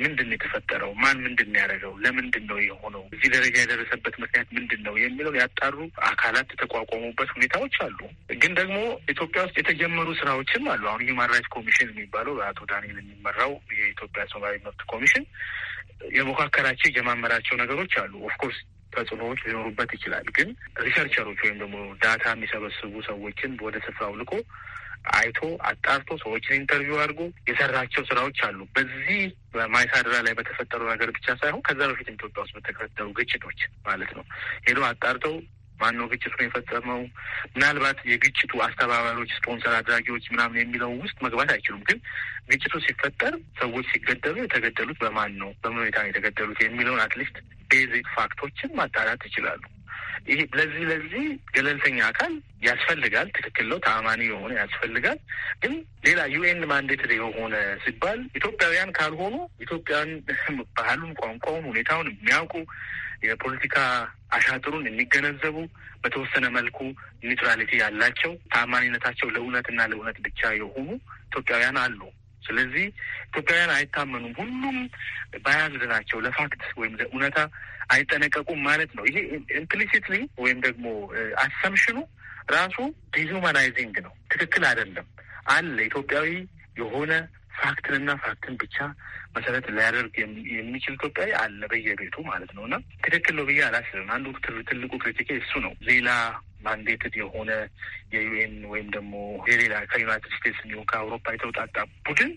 ምንድን ነው የተፈጠረው፣ ማን ምንድን ነው ያደረገው፣ ለምንድን ነው የሆነው፣ እዚህ ደረጃ የደረሰበት ምክንያት ምንድን ነው የሚለው ያጣሩ አካላት የተቋቋሙበት ሁኔታዎች አሉ። ግን ደግሞ ኢትዮጵያ ውስጥ የተጀመሩ ስራዎችም አሉ። አሁን ሁማን ራይትስ ኮሚሽን የሚባለው በአቶ ዳንኤል የሚመራው የኢትዮጵያ ሰብአዊ መብት ኮሚሽን የሞካከራቸው የጀማመራቸው ነገሮች አሉ ኦፍኮርስ ተጽዕኖዎች ሊኖሩበት ይችላል። ግን ሪሰርቸሮች ወይም ደግሞ ዳታ የሚሰበስቡ ሰዎችን ወደ ስፍራው ልኮ አይቶ አጣርቶ ሰዎችን ኢንተርቪው አድርጎ የሰራቸው ስራዎች አሉ። በዚህ በማይሳድራ ላይ በተፈጠሩ ነገር ብቻ ሳይሆን ከዛ በፊት ኢትዮጵያ ውስጥ በተፈጠሩ ግጭቶች ማለት ነው ሄዶ አጣርተው ማን ነው ግጭቱን የፈጸመው? ምናልባት የግጭቱ አስተባባሪዎች፣ ስፖንሰር አድራጊዎች ምናምን የሚለው ውስጥ መግባት አይችሉም። ግን ግጭቱ ሲፈጠር ሰዎች ሲገደሉ የተገደሉት በማን ነው፣ በምን ሁኔታ ነው የተገደሉት የሚለውን አትሊስት ቤዚክ ፋክቶችን ማጣራት ይችላሉ። ይሄ ለዚህ ለዚህ ገለልተኛ አካል ያስፈልጋል። ትክክል ነው። ተአማኒ የሆነ ያስፈልጋል። ግን ሌላ ዩኤን ማንዴት የሆነ ሲባል ኢትዮጵያውያን ካልሆኑ ኢትዮጵያን ባህሉን፣ ቋንቋውን፣ ሁኔታውን የሚያውቁ የፖለቲካ አሻጥሩን የሚገነዘቡ በተወሰነ መልኩ ኒውትራሊቲ ያላቸው ተአማኒነታቸው ለእውነትና ለእውነት ብቻ የሆኑ ኢትዮጵያውያን አሉ። ስለዚህ ኢትዮጵያውያን አይታመኑም። ሁሉም ባያዝድ ናቸው። ለፋክት ወይም እውነታ አይጠነቀቁም ማለት ነው። ይሄ ኢምፕሊሲትሊ ወይም ደግሞ አሰምሽኑ ራሱ ዲዙማናይዚንግ ነው። ትክክል አይደለም። አለ ኢትዮጵያዊ የሆነ ፋክትንና ፋክትን ብቻ መሰረት ሊያደርግ የሚችል ኢትዮጵያዊ አለ በየቤቱ ማለት ነው። እና ትክክል ነው ብዬ አላስብም። አንዱ ትልቁ ክሪቲኬ እሱ ነው። ሌላ ማንዴትድ የሆነ የዩኤን ወይም ደግሞ የሌላ ከዩናይትድ ስቴትስ እንዲሁም ከአውሮፓ የተውጣጣ ቡድን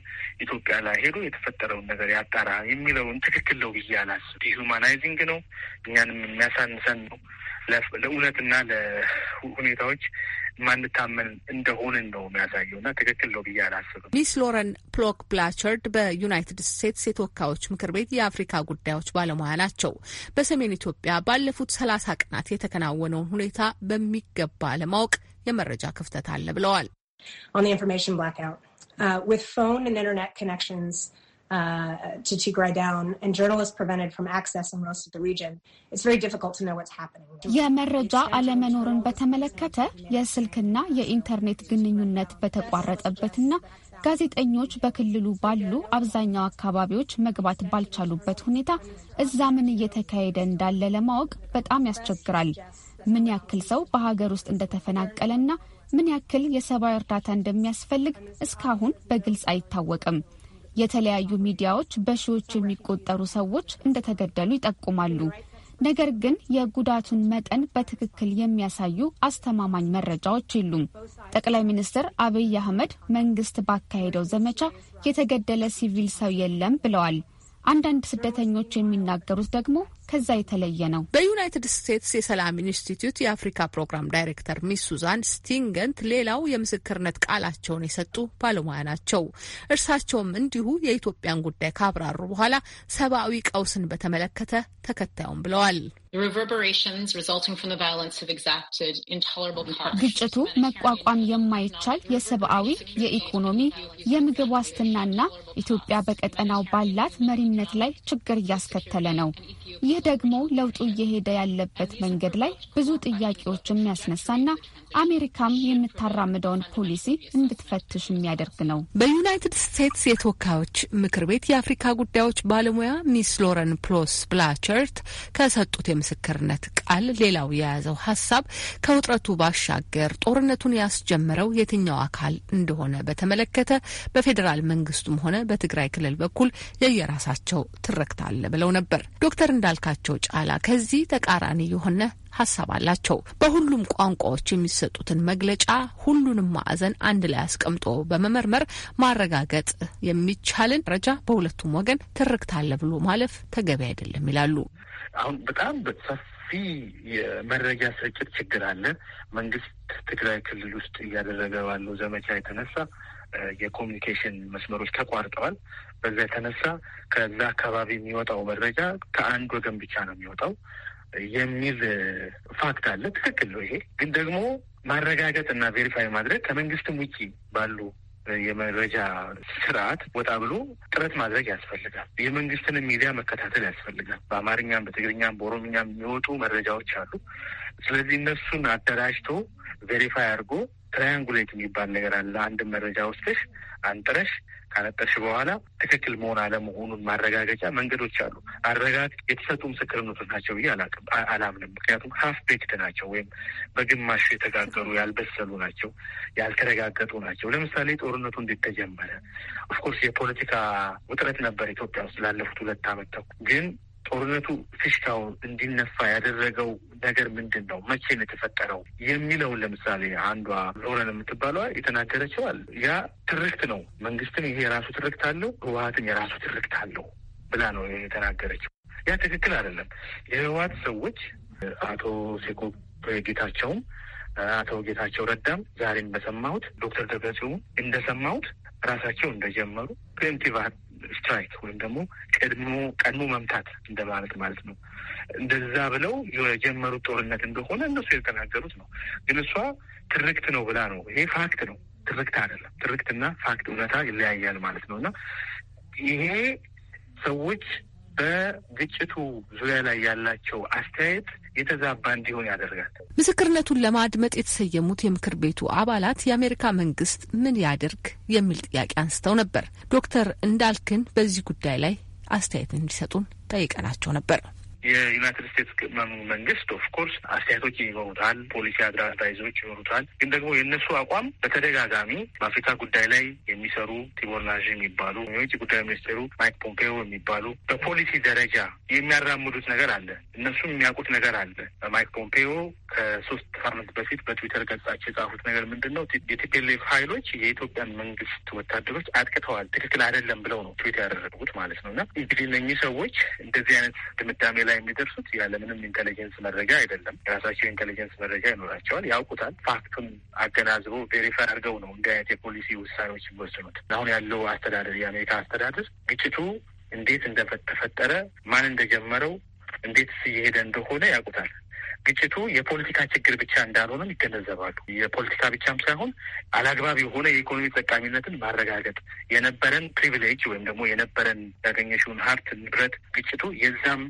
ኢትዮጵያ ላይ ሄዶ የተፈጠረውን ነገር ያጣራ የሚለውን ትክክል ነው ብዬ አላስብ። ዲሁማናይዚንግ ነው፣ እኛንም የሚያሳንሰን ነው። ለእውነትና ለሁኔታዎች ማንታመን እንደሆንን ነው የሚያሳየው እና ትክክል ነው ብዬ አላስብም። ሚስ ሎረን ፕሎክ ብላቸርድ በዩናይትድ ስቴትስ የተወካዮች ምክር ቤት የአፍሪካ ጉዳዮች ባለሙያ ናቸው። በሰሜን ኢትዮጵያ ባለፉት ሰላሳ ቀናት የተከናወነውን ሁኔታ በሚገባ ለማወቅ የመረጃ ክፍተት አለ ብለዋል። on the information blackout uh, with phone and internet connections uh, to Tigray down, and journalists prevented from accessing most of the region, it's very difficult to know what's happening. የመረጃ አለመኖርን በተመለከተ የስልክና የኢንተርኔት ግንኙነት በተቋረጠበትና ጋዜጠኞች በክልሉ ባሉ አብዛኛው አካባቢዎች መግባት ባልቻሉበት ሁኔታ እዛ ምን እየተካሄደ እንዳለ ለማወቅ በጣም ያስቸግራል። ምን ያክል ሰው በሀገር ውስጥ እንደተፈናቀለና ምን ያክል የሰብአዊ እርዳታ እንደሚያስፈልግ እስካሁን በግልጽ አይታወቅም። የተለያዩ ሚዲያዎች በሺዎች የሚቆጠሩ ሰዎች እንደተገደሉ ይጠቁማሉ። ነገር ግን የጉዳቱን መጠን በትክክል የሚያሳዩ አስተማማኝ መረጃዎች የሉም። ጠቅላይ ሚኒስትር አብይ አህመድ መንግስት ባካሄደው ዘመቻ የተገደለ ሲቪል ሰው የለም ብለዋል። አንዳንድ ስደተኞች የሚናገሩት ደግሞ ከዛ የተለየ ነው። በዩናይትድ ስቴትስ የሰላም ኢንስቲትዩት የአፍሪካ ፕሮግራም ዳይሬክተር ሚስ ሱዛን ስቲንገንት ሌላው የምስክርነት ቃላቸውን የሰጡ ባለሙያ ናቸው። እርሳቸውም እንዲሁ የኢትዮጵያን ጉዳይ ካብራሩ በኋላ ሰብአዊ ቀውስን በተመለከተ ተከታዩም ብለዋል። ግጭቱ መቋቋም የማይቻል የሰብአዊ፣ የኢኮኖሚ፣ የምግብ ዋስትናና ኢትዮጵያ በቀጠናው ባላት መሪነት ላይ ችግር እያስከተለ ነው። ይህ ደግሞ ለውጡ እየሄደ ያለበት መንገድ ላይ ብዙ ጥያቄዎች የሚያስነሳና አሜሪካም የምታራምደውን ፖሊሲ እንድትፈትሽ የሚያደርግ ነው። በዩናይትድ ስቴትስ የተወካዮች ምክር ቤት የአፍሪካ ጉዳዮች ባለሙያ ሚስ ሎረን ፕሎስ ብላቸርት ከሰጡት የምስክርነት ቃል ሌላው የያዘው ሀሳብ ከውጥረቱ ባሻገር ጦርነቱን ያስጀመረው የትኛው አካል እንደሆነ በተመለከተ በፌዴራል መንግስቱም ሆነ በትግራይ ክልል በኩል የየራሳቸው ትረክታለ ብለው ነበር። ዶክተር እንዳልካቸው ጫላ ከዚህ ተቃራኒ የሆነ ሀሳብ አላቸው። በሁሉም ቋንቋዎች የሚሰጡትን መግለጫ ሁሉንም ማዕዘን አንድ ላይ አስቀምጦ በመመርመር ማረጋገጥ የሚቻልን ደረጃ በሁለቱም ወገን ትርክታ አለ ብሎ ማለፍ ተገቢ አይደለም ይላሉ። አሁን በጣም በሰፊ የመረጃ ስርጭት ችግር አለ። መንግስት ትግራይ ክልል ውስጥ እያደረገ ባለው ዘመቻ የተነሳ የኮሚኒኬሽን መስመሮች ተቋርጠዋል። በዛ የተነሳ ከዛ አካባቢ የሚወጣው መረጃ ከአንድ ወገን ብቻ ነው የሚወጣው። የሚል ፋክት አለ። ትክክል ነው። ይሄ ግን ደግሞ ማረጋገጥ እና ቬሪፋይ ማድረግ ከመንግስትም ውጭ ባሉ የመረጃ ስርዓት ወጣ ብሎ ጥረት ማድረግ ያስፈልጋል። የመንግስትንም ሚዲያ መከታተል ያስፈልጋል። በአማርኛም፣ በትግርኛም፣ በኦሮምኛም የሚወጡ መረጃዎች አሉ። ስለዚህ እነሱን አደራጅቶ ቬሪፋይ አድርጎ ትራያንጉሌት የሚባል ነገር አለ። አንድ መረጃ ወስደሽ አንጥረሽ ካነጠሽ በኋላ ትክክል መሆን አለመሆኑን ማረጋገጫ መንገዶች አሉ። አረጋግ የተሰጡ ምስክርነቶች ናቸው ብዬ አላምንም። ምክንያቱም ሀፍ ቤክት ናቸው ወይም በግማሽ የተጋገሩ ያልበሰሉ ናቸው፣ ያልተረጋገጡ ናቸው። ለምሳሌ ጦርነቱ እንዴት ተጀመረ? ኦፍኮርስ የፖለቲካ ውጥረት ነበር ኢትዮጵያ ውስጥ ላለፉት ሁለት አመት ተኩል ግን ጦርነቱ ፍሽታውን እንዲነፋ ያደረገው ነገር ምንድን ነው? መቼ ነው የተፈጠረው? የሚለውን ለምሳሌ አንዷ ሎረን የምትባለዋ የተናገረችዋል። ያ ትርክት ነው። መንግስትን ይሄ የራሱ ትርክት አለው፣ ህወሀትን የራሱ ትርክት አለው ብላ ነው የተናገረችው። ያ ትክክል አይደለም። የህወሀት ሰዎች አቶ ሴኮ ጌታቸውም አቶ ጌታቸው ረዳም ዛሬ እንደሰማሁት ዶክተር ደብረጽዮን እንደሰማሁት ራሳቸው እንደጀመሩ ፕሪምቲቭ ስትራይክ ወይም ደግሞ ቀድሞ ቀድሞ መምታት እንደማለት ማለት ነው። እንደዛ ብለው የጀመሩት ጦርነት እንደሆነ እነሱ የተናገሩት ነው። ግን እሷ ትርክት ነው ብላ ነው። ይሄ ፋክት ነው፣ ትርክት አይደለም። ትርክትና ፋክት እውነታ ይለያያል ማለት ነው እና ይሄ ሰዎች በግጭቱ ዙሪያ ላይ ያላቸው አስተያየት የተዛባ እንዲሆን ያደርጋል። ምስክርነቱን ለማድመጥ የተሰየሙት የምክር ቤቱ አባላት የአሜሪካ መንግስት ምን ያድርግ የሚል ጥያቄ አንስተው ነበር። ዶክተር እንዳልክን በዚህ ጉዳይ ላይ አስተያየት እንዲሰጡን ጠይቀናቸው ነበር። የዩናይትድ ስቴትስ መንግስት ኦፍኮርስ አስተያየቶች ይኖሩታል፣ ፖሊሲ አድራታይዞች ይኖሩታል። ግን ደግሞ የእነሱ አቋም በተደጋጋሚ በአፍሪካ ጉዳይ ላይ የሚሰሩ ቲቦር ናዥ የሚባሉ የውጭ ጉዳይ ሚኒስቴሩ ማይክ ፖምፔዮ የሚባሉ በፖሊሲ ደረጃ የሚያራምዱት ነገር አለ። እነሱም የሚያውቁት ነገር አለ። ማይክ ፖምፔዮ ከሶስት ሳምንት በፊት በትዊተር ገጻቸው የጻፉት ነገር ምንድን ነው? የቲፒኤልኤፍ ኃይሎች የኢትዮጵያን መንግስት ወታደሮች አጥቅተዋል፣ ትክክል አይደለም ብለው ነው ትዊት ያደረጉት ማለት ነው። እና እንግዲህ እነኚህ ሰዎች እንደዚህ አይነት ድምዳሜ ላይ የሚደርሱት ያለምንም ኢንቴሊጀንስ መረጃ አይደለም። የራሳቸው ኢንቴሊጀንስ መረጃ ይኖራቸዋል፣ ያውቁታል። ፋክቱን አገናዝቦ ቬሪፋይ አድርገው ነው እንዲህ አይነት የፖሊሲ ውሳኔዎች የሚወስኑት። አሁን ያለው አስተዳደር የአሜሪካ አስተዳደር ግጭቱ እንዴት እንደተፈጠረ፣ ማን እንደጀመረው፣ እንዴት እየሄደ እንደሆነ ያውቁታል። ግጭቱ የፖለቲካ ችግር ብቻ እንዳልሆነም ይገነዘባሉ። የፖለቲካ ብቻም ሳይሆን አላግባብ የሆነ የኢኮኖሚ ጠቃሚነትን ማረጋገጥ የነበረን ፕሪቪሌጅ ወይም ደግሞ የነበረን ያገኘሽውን ሀብት ንብረት ግጭቱ የዛም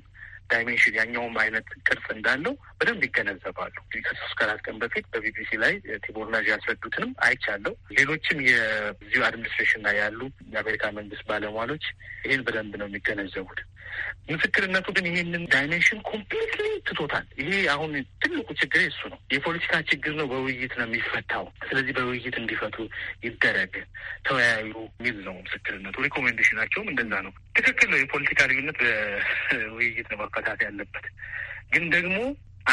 ዳይሜንሽን ያኛውም አይነት ቅርጽ እንዳለው በደንብ ይገነዘባሉ። ከሶስት ከአራት ቀን በፊት በቢቢሲ ላይ ቲቦርናዥ ያስረዱትንም አይቻለሁ። ሌሎችም የዚሁ አድሚኒስትሬሽን ላይ ያሉ የአሜሪካ መንግስት ባለሟሎች ይህን በደንብ ነው የሚገነዘቡት። ምስክርነቱ ግን ይሄንን ዳይሜንሽን ኮምፕሊትሊ ትቶታል። ይሄ አሁን ትልቁ ችግር እሱ ነው። የፖለቲካ ችግር ነው፣ በውይይት ነው የሚፈታው። ስለዚህ በውይይት እንዲፈቱ ይደረግ፣ ተወያዩ የሚል ነው ምስክርነቱ። ሪኮሜንዴሽናቸውም እንደዛ ነው። ትክክል ነው። የፖለቲካ ልዩነት በውይይት ነው መፈታት ያለበት። ግን ደግሞ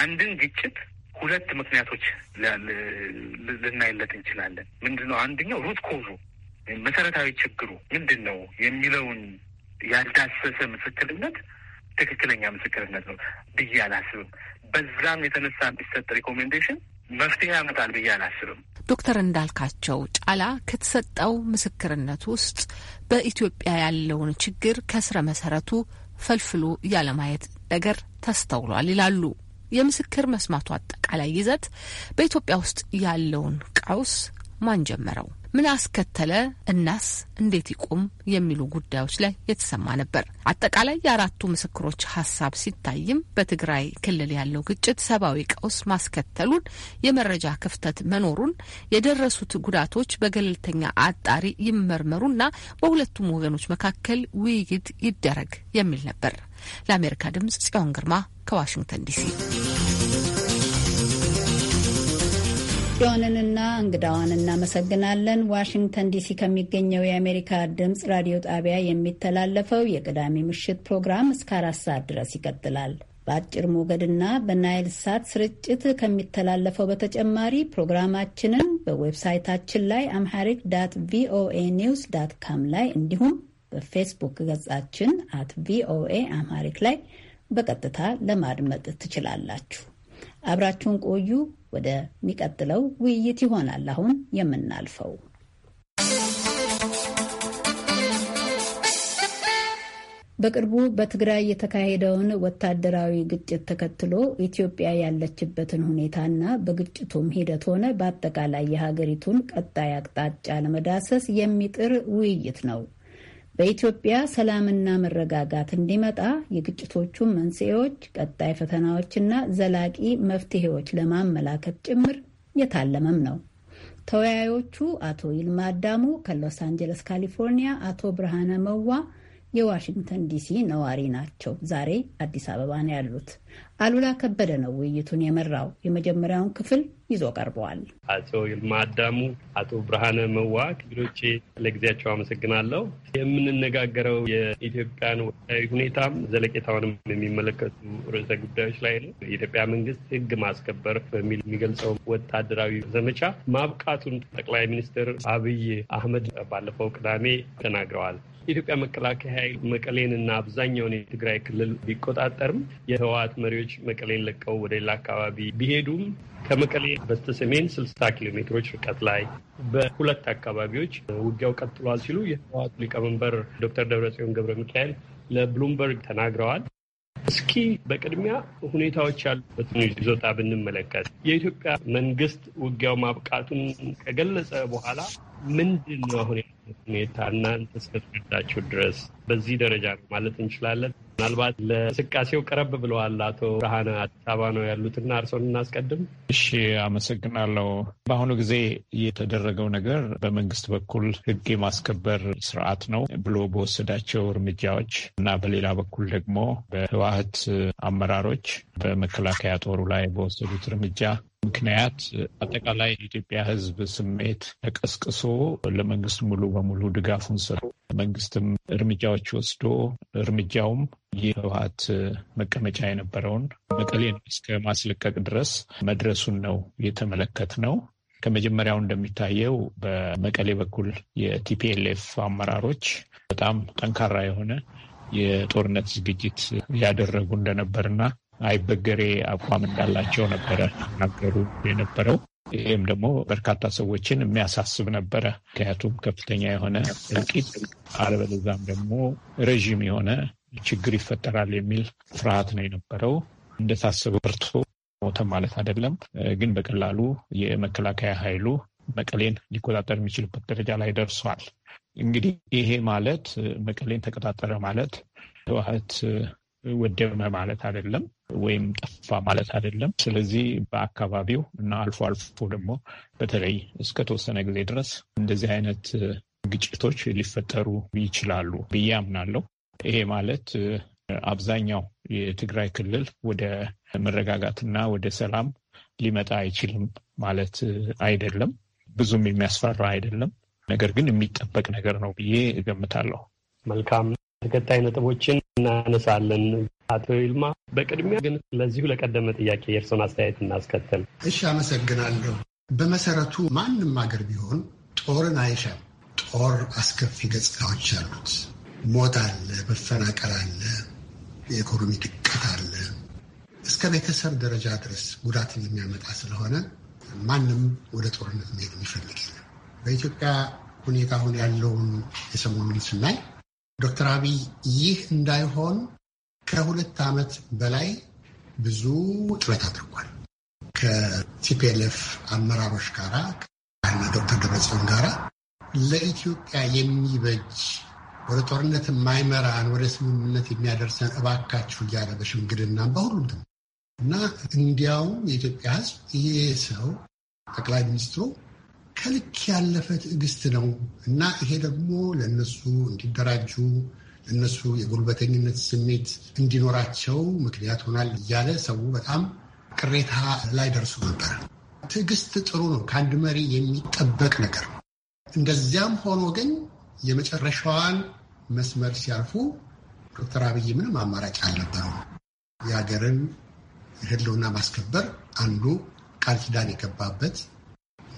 አንድን ግጭት ሁለት ምክንያቶች ልናይለት እንችላለን። ምንድን ነው አንደኛው ሩት ኮዙ መሰረታዊ ችግሩ ምንድን ነው የሚለውን ያልዳሰሰ ምስክርነት ትክክለኛ ምስክርነት ነው ብዬ አላስብም። በዛም የተነሳ የሚሰጥ ሪኮሜንዴሽን መፍትሄ ያመጣል ብዬ አላስብም። ዶክተር እንዳልካቸው ጫላ ከተሰጠው ምስክርነት ውስጥ በኢትዮጵያ ያለውን ችግር ከስረ መሰረቱ ፈልፍሎ ያለማየት ነገር ተስተውሏል ይላሉ። የምስክር መስማቱ አጠቃላይ ይዘት በኢትዮጵያ ውስጥ ያለውን ቀውስ ማን ጀመረው? ምን አስከተለ እናስ እንዴት ይቁም የሚሉ ጉዳዮች ላይ የተሰማ ነበር። አጠቃላይ የአራቱ ምስክሮች ሀሳብ ሲታይም በትግራይ ክልል ያለው ግጭት ሰብአዊ ቀውስ ማስከተሉን፣ የመረጃ ክፍተት መኖሩን፣ የደረሱት ጉዳቶች በገለልተኛ አጣሪ ይመርመሩና በሁለቱም ወገኖች መካከል ውይይት ይደረግ የሚል ነበር። ለአሜሪካ ድምጽ ጽዮን ግርማ ከዋሽንግተን ዲሲ ጽዮንንና እንግዳዋን እናመሰግናለን። ዋሽንግተን ዲሲ ከሚገኘው የአሜሪካ ድምፅ ራዲዮ ጣቢያ የሚተላለፈው የቅዳሜ ምሽት ፕሮግራም እስከ አራት ሰዓት ድረስ ይቀጥላል። በአጭር ሞገድና በናይል ሳት ስርጭት ከሚተላለፈው በተጨማሪ ፕሮግራማችንን በዌብሳይታችን ላይ አምሐሪክ ዳት ቪኦኤ ኒውስ ዳት ካም ላይ እንዲሁም በፌስቡክ ገጻችን አት ቪኦኤ አምሐሪክ ላይ በቀጥታ ለማድመጥ ትችላላችሁ። አብራችሁን ቆዩ። ወደሚቀጥለው ውይይት ይሆናል አሁን የምናልፈው። በቅርቡ በትግራይ የተካሄደውን ወታደራዊ ግጭት ተከትሎ ኢትዮጵያ ያለችበትን ሁኔታና በግጭቱም ሂደት ሆነ በአጠቃላይ የሀገሪቱን ቀጣይ አቅጣጫ ለመዳሰስ የሚጥር ውይይት ነው በኢትዮጵያ ሰላምና መረጋጋት እንዲመጣ የግጭቶቹን መንስኤዎች፣ ቀጣይ ፈተናዎችና ዘላቂ መፍትሄዎች ለማመላከት ጭምር የታለመም ነው። ተወያዮቹ አቶ ይልማ አዳሙ ከሎስ አንጀለስ ካሊፎርኒያ፣ አቶ ብርሃነ መዋ የዋሽንግተን ዲሲ ነዋሪ ናቸው። ዛሬ አዲስ አበባ ነው ያሉት። አሉላ ከበደ ነው ውይይቱን የመራው። የመጀመሪያውን ክፍል ይዞ ቀርበዋል። አቶ ይልማ አዳሙ፣ አቶ ብርሃነ መዋ ክፍሎቼ ለጊዜያቸው አመሰግናለሁ። የምንነጋገረው የኢትዮጵያን ወቅታዊ ሁኔታም ዘለቄታውንም የሚመለከቱ ርዕሰ ጉዳዮች ላይ ነው። የኢትዮጵያ መንግስት ሕግ ማስከበር በሚል የሚገልጸው ወታደራዊ ዘመቻ ማብቃቱን ጠቅላይ ሚኒስትር አብይ አህመድ ባለፈው ቅዳሜ ተናግረዋል። የኢትዮጵያ መከላከያ ኃይል መቀሌንና አብዛኛውን የትግራይ ክልል ቢቆጣጠርም የህወሓት መሪዎች መቀሌን ለቀው ወደ ሌላ አካባቢ ቢሄዱም ከመቀሌ በስተሰሜን 60 ኪሎ ሜትሮች ርቀት ላይ በሁለት አካባቢዎች ውጊያው ቀጥሏል ሲሉ የህወሓቱ ሊቀመንበር ዶክተር ደብረጽዮን ገብረ ሚካኤል ለብሉምበርግ ተናግረዋል። እስኪ በቅድሚያ ሁኔታዎች ያሉበትን ይዞታ ብንመለከት የኢትዮጵያ መንግስት ውጊያው ማብቃቱን ከገለጸ በኋላ ምንድን ነው አሁን እናንተ እስከተረዳችሁ ድረስ በዚህ ደረጃ ነው ማለት እንችላለን። ምናልባት ለእንቅስቃሴው ቀረብ ብለዋል አቶ ብርሃነ አዲስ አበባ ነው ያሉትና እርሶን እናስቀድም። እሺ፣ አመሰግናለሁ። በአሁኑ ጊዜ የተደረገው ነገር በመንግስት በኩል ህግ የማስከበር ስርዓት ነው ብሎ በወሰዳቸው እርምጃዎች እና በሌላ በኩል ደግሞ በህወሓት አመራሮች በመከላከያ ጦሩ ላይ በወሰዱት እርምጃ ምክንያት አጠቃላይ የኢትዮጵያ ህዝብ ስሜት ተቀስቅሶ ለመንግስት ሙሉ በሙሉ ድጋፉን ሰጡ። መንግስትም እርምጃዎች ወስዶ እርምጃውም የህወሀት መቀመጫ የነበረውን መቀሌን እስከ ማስለቀቅ ድረስ መድረሱን ነው የተመለከት ነው። ከመጀመሪያው እንደሚታየው በመቀሌ በኩል የቲፒኤልኤፍ አመራሮች በጣም ጠንካራ የሆነ የጦርነት ዝግጅት ያደረጉ እንደነበርና አይበገሬ አቋም እንዳላቸው ነበረ ናገሩ የነበረው ይህም ደግሞ በርካታ ሰዎችን የሚያሳስብ ነበረ። ምክንያቱም ከፍተኛ የሆነ እልቂት አለበለዛም ደግሞ ረዥም የሆነ ችግር ይፈጠራል የሚል ፍርሃት ነው የነበረው። እንደታሰበው በርቶ ሞተ ማለት አይደለም፣ ግን በቀላሉ የመከላከያ ኃይሉ መቀሌን ሊቆጣጠር የሚችልበት ደረጃ ላይ ደርሷል። እንግዲህ ይሄ ማለት መቀሌን ተቆጣጠረ ማለት ህወሓት ወደመ ማለት አይደለም ወይም ጠፋ ማለት አይደለም። ስለዚህ በአካባቢው እና አልፎ አልፎ ደግሞ በተለይ እስከተወሰነ ጊዜ ድረስ እንደዚህ አይነት ግጭቶች ሊፈጠሩ ይችላሉ ብዬ አምናለሁ። ይሄ ማለት አብዛኛው የትግራይ ክልል ወደ መረጋጋትና ወደ ሰላም ሊመጣ አይችልም ማለት አይደለም። ብዙም የሚያስፈራ አይደለም። ነገር ግን የሚጠበቅ ነገር ነው ብዬ እገምታለሁ። መልካም ተከታይ ነጥቦችን እናነሳለን። አቶ ይልማ፣ በቅድሚያ ግን ለዚሁ ለቀደመ ጥያቄ የእርስዎን አስተያየት እናስከትል። እሺ፣ አመሰግናለሁ። በመሰረቱ ማንም አገር ቢሆን ጦርን አይሻም። ጦር አስከፊ ገጽታዎች አሉት። ሞት አለ፣ መፈናቀል አለ፣ የኢኮኖሚ ድቀት አለ፣ እስከ ቤተሰብ ደረጃ ድረስ ጉዳትን የሚያመጣ ስለሆነ ማንም ወደ ጦርነት መሄድ የሚፈልግ የለም። በኢትዮጵያ ሁኔታ አሁን ያለውን የሰሞኑን ስናይ ዶክተር አብይ ይህ እንዳይሆን ከሁለት ዓመት በላይ ብዙ ጥረት አድርጓል። ከቲፒኤልኤፍ አመራሮች ጋራ እና ዶክተር ደብረጽዮን ጋራ ለኢትዮጵያ የሚበጅ ወደ ጦርነት የማይመራን ወደ ስምምነት የሚያደርሰን እባካችሁ እያለ በሽምግልና በሁሉም እና እንዲያውም የኢትዮጵያ ሕዝብ ይሄ ሰው ጠቅላይ ሚኒስትሩ ከልክ ያለፈ ትዕግስት ነው እና ይሄ ደግሞ ለእነሱ እንዲደራጁ ለእነሱ የጉልበተኝነት ስሜት እንዲኖራቸው ምክንያት ሆናል እያለ ሰው በጣም ቅሬታ ላይ ደርሶ ነበር። ትዕግስት ጥሩ ነው፣ ከአንድ መሪ የሚጠበቅ ነገር ነው። እንደዚያም ሆኖ ግን የመጨረሻዋን መስመር ሲያልፉ ዶክተር አብይ ምንም አማራጭ አልነበረው። የሀገርን ህልውና ማስከበር አንዱ ቃል ኪዳን የገባበት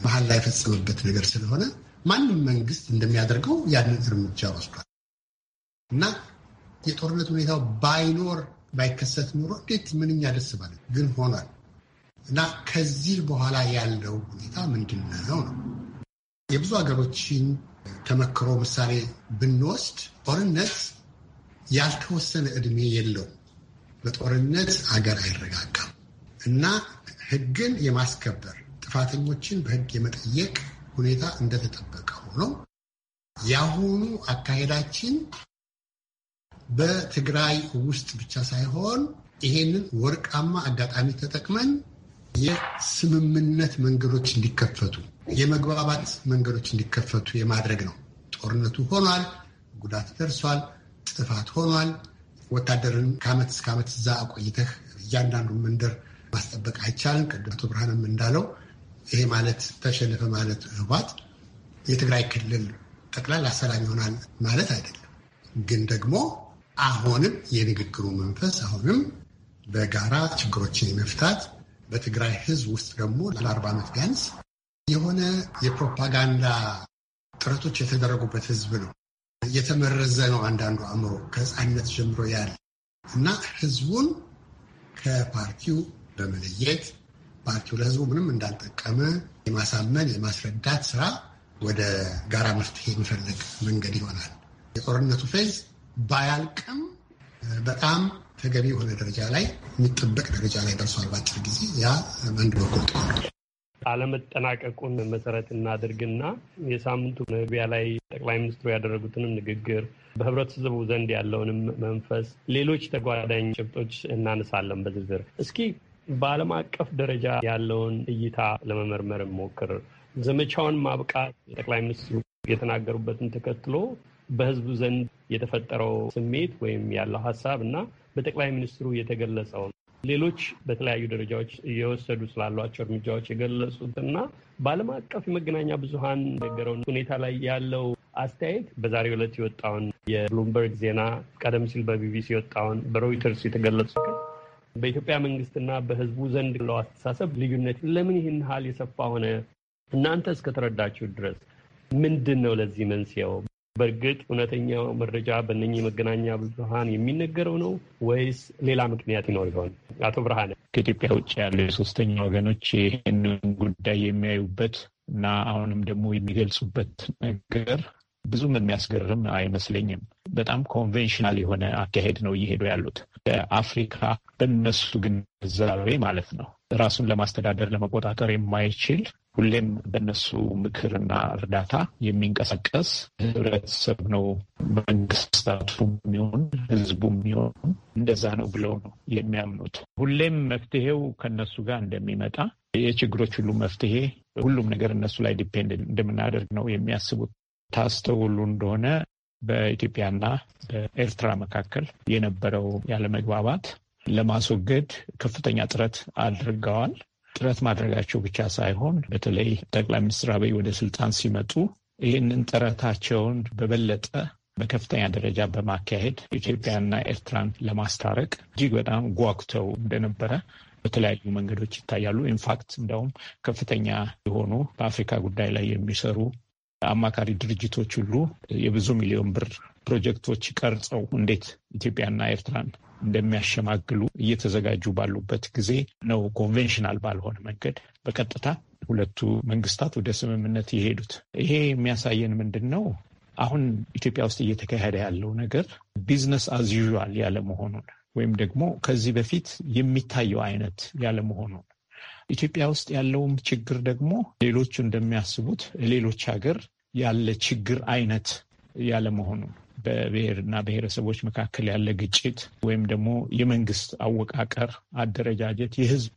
ባህል ላይ የፈጸመበት ነገር ስለሆነ ማንም መንግስት እንደሚያደርገው ያንን እርምጃ ወስዷል እና የጦርነት ሁኔታው ባይኖር ባይከሰት ኑሮ እንዴት ምንኛ ደስ ባለ ግን ሆኗል እና ከዚህ በኋላ ያለው ሁኔታ ምንድን ነው ነው የብዙ ሀገሮችን ተመክሮ ምሳሌ ብንወስድ ጦርነት ያልተወሰነ እድሜ የለውም። በጦርነት አገር አይረጋጋም እና ህግን የማስከበር ጥፋተኞችን በህግ የመጠየቅ ሁኔታ እንደተጠበቀ ሆኖ የአሁኑ አካሄዳችን በትግራይ ውስጥ ብቻ ሳይሆን ይሄንን ወርቃማ አጋጣሚ ተጠቅመን የስምምነት መንገዶች እንዲከፈቱ፣ የመግባባት መንገዶች እንዲከፈቱ የማድረግ ነው። ጦርነቱ ሆኗል፣ ጉዳት ደርሷል፣ ጥፋት ሆኗል። ወታደርን ከዓመት እስከ ዓመት እዛ አቆይተህ እያንዳንዱ መንደር ማስጠበቅ አይቻልም። ቅድም አቶ ብርሃንም እንዳለው ይሄ ማለት ተሸነፈ ማለት ህወሓት የትግራይ ክልል ጠቅላላ ሰላም ይሆናል ማለት አይደለም። ግን ደግሞ አሁንም የንግግሩ መንፈስ አሁንም በጋራ ችግሮችን የመፍታት በትግራይ ህዝብ ውስጥ ደግሞ ለአርባ ዓመት ቢያንስ የሆነ የፕሮፓጋንዳ ጥረቶች የተደረጉበት ህዝብ ነው። የተመረዘ ነው አንዳንዱ አእምሮ ከህፃንነት ጀምሮ ያለ እና ህዝቡን ከፓርቲው በመለየት ፓርቲው ለህዝቡ ምንም እንዳልጠቀመ የማሳመን የማስረዳት ስራ ወደ ጋራ መፍትሄ የሚፈልግ መንገድ ይሆናል። የጦርነቱ ፌዝ ባያልቅም በጣም ተገቢ የሆነ ደረጃ ላይ የሚጠበቅ ደረጃ ላይ ደርሷል። በአጭር ጊዜ ያ በአንድ በኩል ጥሩ አለመጠናቀቁን መሰረት እናድርግና የሳምንቱ መግቢያ ላይ ጠቅላይ ሚኒስትሩ ያደረጉትንም ንግግር በህብረተሰቡ ዘንድ ያለውንም መንፈስ ሌሎች ተጓዳኝ ጭብጦች እናነሳለን በዝርዝር። እስኪ በዓለም አቀፍ ደረጃ ያለውን እይታ ለመመርመር ሞክር። ዘመቻውን ማብቃት ጠቅላይ ሚኒስትሩ የተናገሩበትን ተከትሎ በህዝቡ ዘንድ የተፈጠረው ስሜት ወይም ያለው ሀሳብ እና በጠቅላይ ሚኒስትሩ የተገለጸው ሌሎች በተለያዩ ደረጃዎች እየወሰዱ ስላሏቸው እርምጃዎች የገለጹትና በዓለም አቀፍ የመገናኛ ብዙሀን ነገረውን ሁኔታ ላይ ያለው አስተያየት በዛሬ ዕለት የወጣውን የብሉምበርግ ዜና፣ ቀደም ሲል በቢቢሲ የወጣውን፣ በሮይተርስ የተገለጹ በኢትዮጵያ መንግስትና በህዝቡ ዘንድ ለው አስተሳሰብ ልዩነት ለምን ይህን ያህል የሰፋ ሆነ? እናንተ እስከተረዳችሁ ድረስ ምንድን ነው ለዚህ መንስኤው? በእርግጥ እውነተኛው መረጃ በእነኚህ መገናኛ ብዙኃን የሚነገረው ነው ወይስ ሌላ ምክንያት ይኖር ይሆን? አቶ ብርሃነ፣ ከኢትዮጵያ ውጭ ያሉ የሶስተኛ ወገኖች ይህንን ጉዳይ የሚያዩበት እና አሁንም ደግሞ የሚገልጹበት ነገር ብዙም የሚያስገርም አይመስለኝም። በጣም ኮንቬንሽናል የሆነ አካሄድ ነው እየሄዱ ያሉት። በአፍሪካ በነሱ ግን ዛሬ ማለት ነው ራሱን ለማስተዳደር ለመቆጣጠር የማይችል ሁሌም በነሱ ምክርና እርዳታ የሚንቀሳቀስ ህብረተሰብ ነው። መንግስታቱ የሚሆን ህዝቡ የሚሆን እንደዛ ነው ብለው ነው የሚያምኑት። ሁሌም መፍትሄው ከነሱ ጋር እንደሚመጣ የችግሮች ሁሉ መፍትሄ ሁሉም ነገር እነሱ ላይ ዲፔንድ እንደምናደርግ ነው የሚያስቡት። ታስተውሉ እንደሆነ በኢትዮጵያና በኤርትራ መካከል የነበረው ያለመግባባት ለማስወገድ ከፍተኛ ጥረት አድርገዋል። ጥረት ማድረጋቸው ብቻ ሳይሆን በተለይ ጠቅላይ ሚኒስትር አብይ ወደ ስልጣን ሲመጡ ይህንን ጥረታቸውን በበለጠ በከፍተኛ ደረጃ በማካሄድ ኢትዮጵያና ኤርትራን ለማስታረቅ እጅግ በጣም ጓጉተው እንደነበረ በተለያዩ መንገዶች ይታያሉ። ኢንፋክት እንደውም ከፍተኛ የሆኑ በአፍሪካ ጉዳይ ላይ የሚሰሩ አማካሪ ድርጅቶች ሁሉ የብዙ ሚሊዮን ብር ፕሮጀክቶች ቀርጸው እንዴት ኢትዮጵያና ኤርትራን እንደሚያሸማግሉ እየተዘጋጁ ባሉበት ጊዜ ነው ኮንቬንሽናል ባልሆነ መንገድ በቀጥታ ሁለቱ መንግስታት ወደ ስምምነት የሄዱት። ይሄ የሚያሳየን ምንድን ነው? አሁን ኢትዮጵያ ውስጥ እየተካሄደ ያለው ነገር ቢዝነስ አዝ ዩዥዋል ያለመሆኑን ወይም ደግሞ ከዚህ በፊት የሚታየው አይነት ያለመሆኑን ኢትዮጵያ ውስጥ ያለውም ችግር ደግሞ ሌሎቹ እንደሚያስቡት ሌሎች ሀገር ያለ ችግር አይነት ያለመሆኑ በብሔርና ብሔረሰቦች መካከል ያለ ግጭት ወይም ደግሞ የመንግስት አወቃቀር፣ አደረጃጀት፣ የህዝብ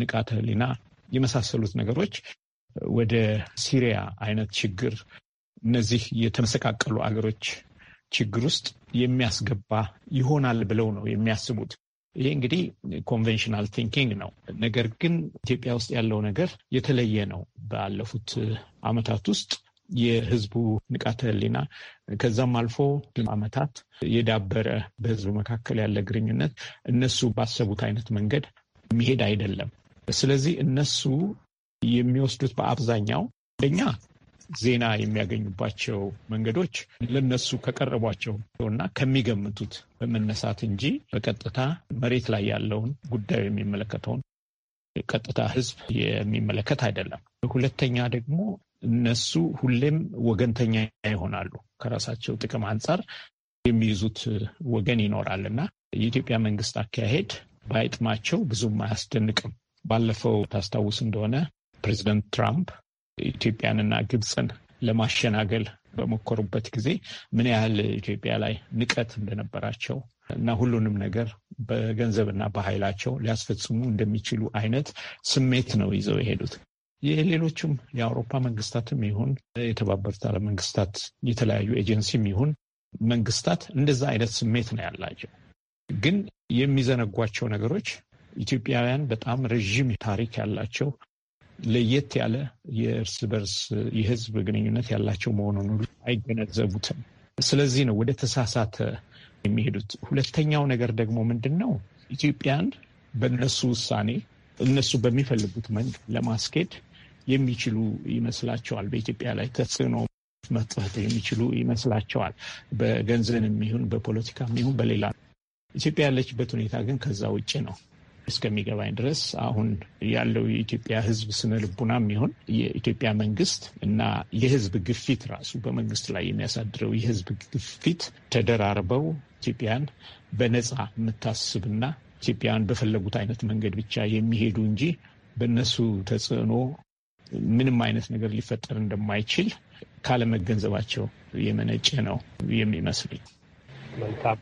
ንቃተ ህሊና የመሳሰሉት ነገሮች ወደ ሲሪያ አይነት ችግር እነዚህ የተመሰቃቀሉ አገሮች ችግር ውስጥ የሚያስገባ ይሆናል ብለው ነው የሚያስቡት። ይሄ እንግዲህ ኮንቬንሽናል ቲንኪንግ ነው። ነገር ግን ኢትዮጵያ ውስጥ ያለው ነገር የተለየ ነው። ባለፉት ዓመታት ውስጥ የህዝቡ ንቃተ ህሊና ከዛም አልፎ ዓመታት የዳበረ በህዝቡ መካከል ያለ ግንኙነት እነሱ ባሰቡት አይነት መንገድ የሚሄድ አይደለም። ስለዚህ እነሱ የሚወስዱት በአብዛኛው አንደኛ ዜና የሚያገኙባቸው መንገዶች ለነሱ ከቀረቧቸው እና ከሚገምቱት በመነሳት እንጂ በቀጥታ መሬት ላይ ያለውን ጉዳዩ የሚመለከተውን ቀጥታ ህዝብ የሚመለከት አይደለም። ሁለተኛ ደግሞ እነሱ ሁሌም ወገንተኛ ይሆናሉ። ከራሳቸው ጥቅም አንጻር የሚይዙት ወገን ይኖራል እና የኢትዮጵያ መንግስት አካሄድ ባይጥማቸው ብዙም አያስደንቅም። ባለፈው ታስታውስ እንደሆነ ፕሬዚደንት ትራምፕ ኢትዮጵያንና ግብፅን ለማሸናገል በሞከሩበት ጊዜ ምን ያህል ኢትዮጵያ ላይ ንቀት እንደነበራቸው እና ሁሉንም ነገር በገንዘብና በኃይላቸው ሊያስፈጽሙ እንደሚችሉ አይነት ስሜት ነው ይዘው የሄዱት። የሌሎችም የአውሮፓ መንግስታትም ይሁን የተባበሩት አረብ መንግስታት የተለያዩ ኤጀንሲም ይሁን መንግስታት እንደዛ አይነት ስሜት ነው ያላቸው። ግን የሚዘነጓቸው ነገሮች ኢትዮጵያውያን በጣም ረዥም ታሪክ ያላቸው ለየት ያለ የእርስ በርስ የህዝብ ግንኙነት ያላቸው መሆኑን አይገነዘቡትም። ስለዚህ ነው ወደ ተሳሳተ የሚሄዱት። ሁለተኛው ነገር ደግሞ ምንድን ነው ኢትዮጵያን በእነሱ ውሳኔ እነሱ በሚፈልጉት መንገድ ለማስኬድ የሚችሉ ይመስላቸዋል። በኢትዮጵያ ላይ ተጽዕኖ መጥፋት የሚችሉ ይመስላቸዋል። በገንዘብም ይሁን በፖለቲካም ይሁን በሌላ ኢትዮጵያ ያለችበት ሁኔታ ግን ከዛ ውጭ ነው። እስከሚገባኝ ድረስ አሁን ያለው የኢትዮጵያ ሕዝብ ስነ ልቡናም የሚሆን የኢትዮጵያ መንግስት እና የሕዝብ ግፊት ራሱ በመንግስት ላይ የሚያሳድረው የሕዝብ ግፊት ተደራርበው ኢትዮጵያን በነፃ የምታስብና ኢትዮጵያን በፈለጉት አይነት መንገድ ብቻ የሚሄዱ እንጂ በእነሱ ተጽዕኖ ምንም አይነት ነገር ሊፈጠር እንደማይችል ካለመገንዘባቸው የመነጨ ነው የሚመስለኝ። መልካም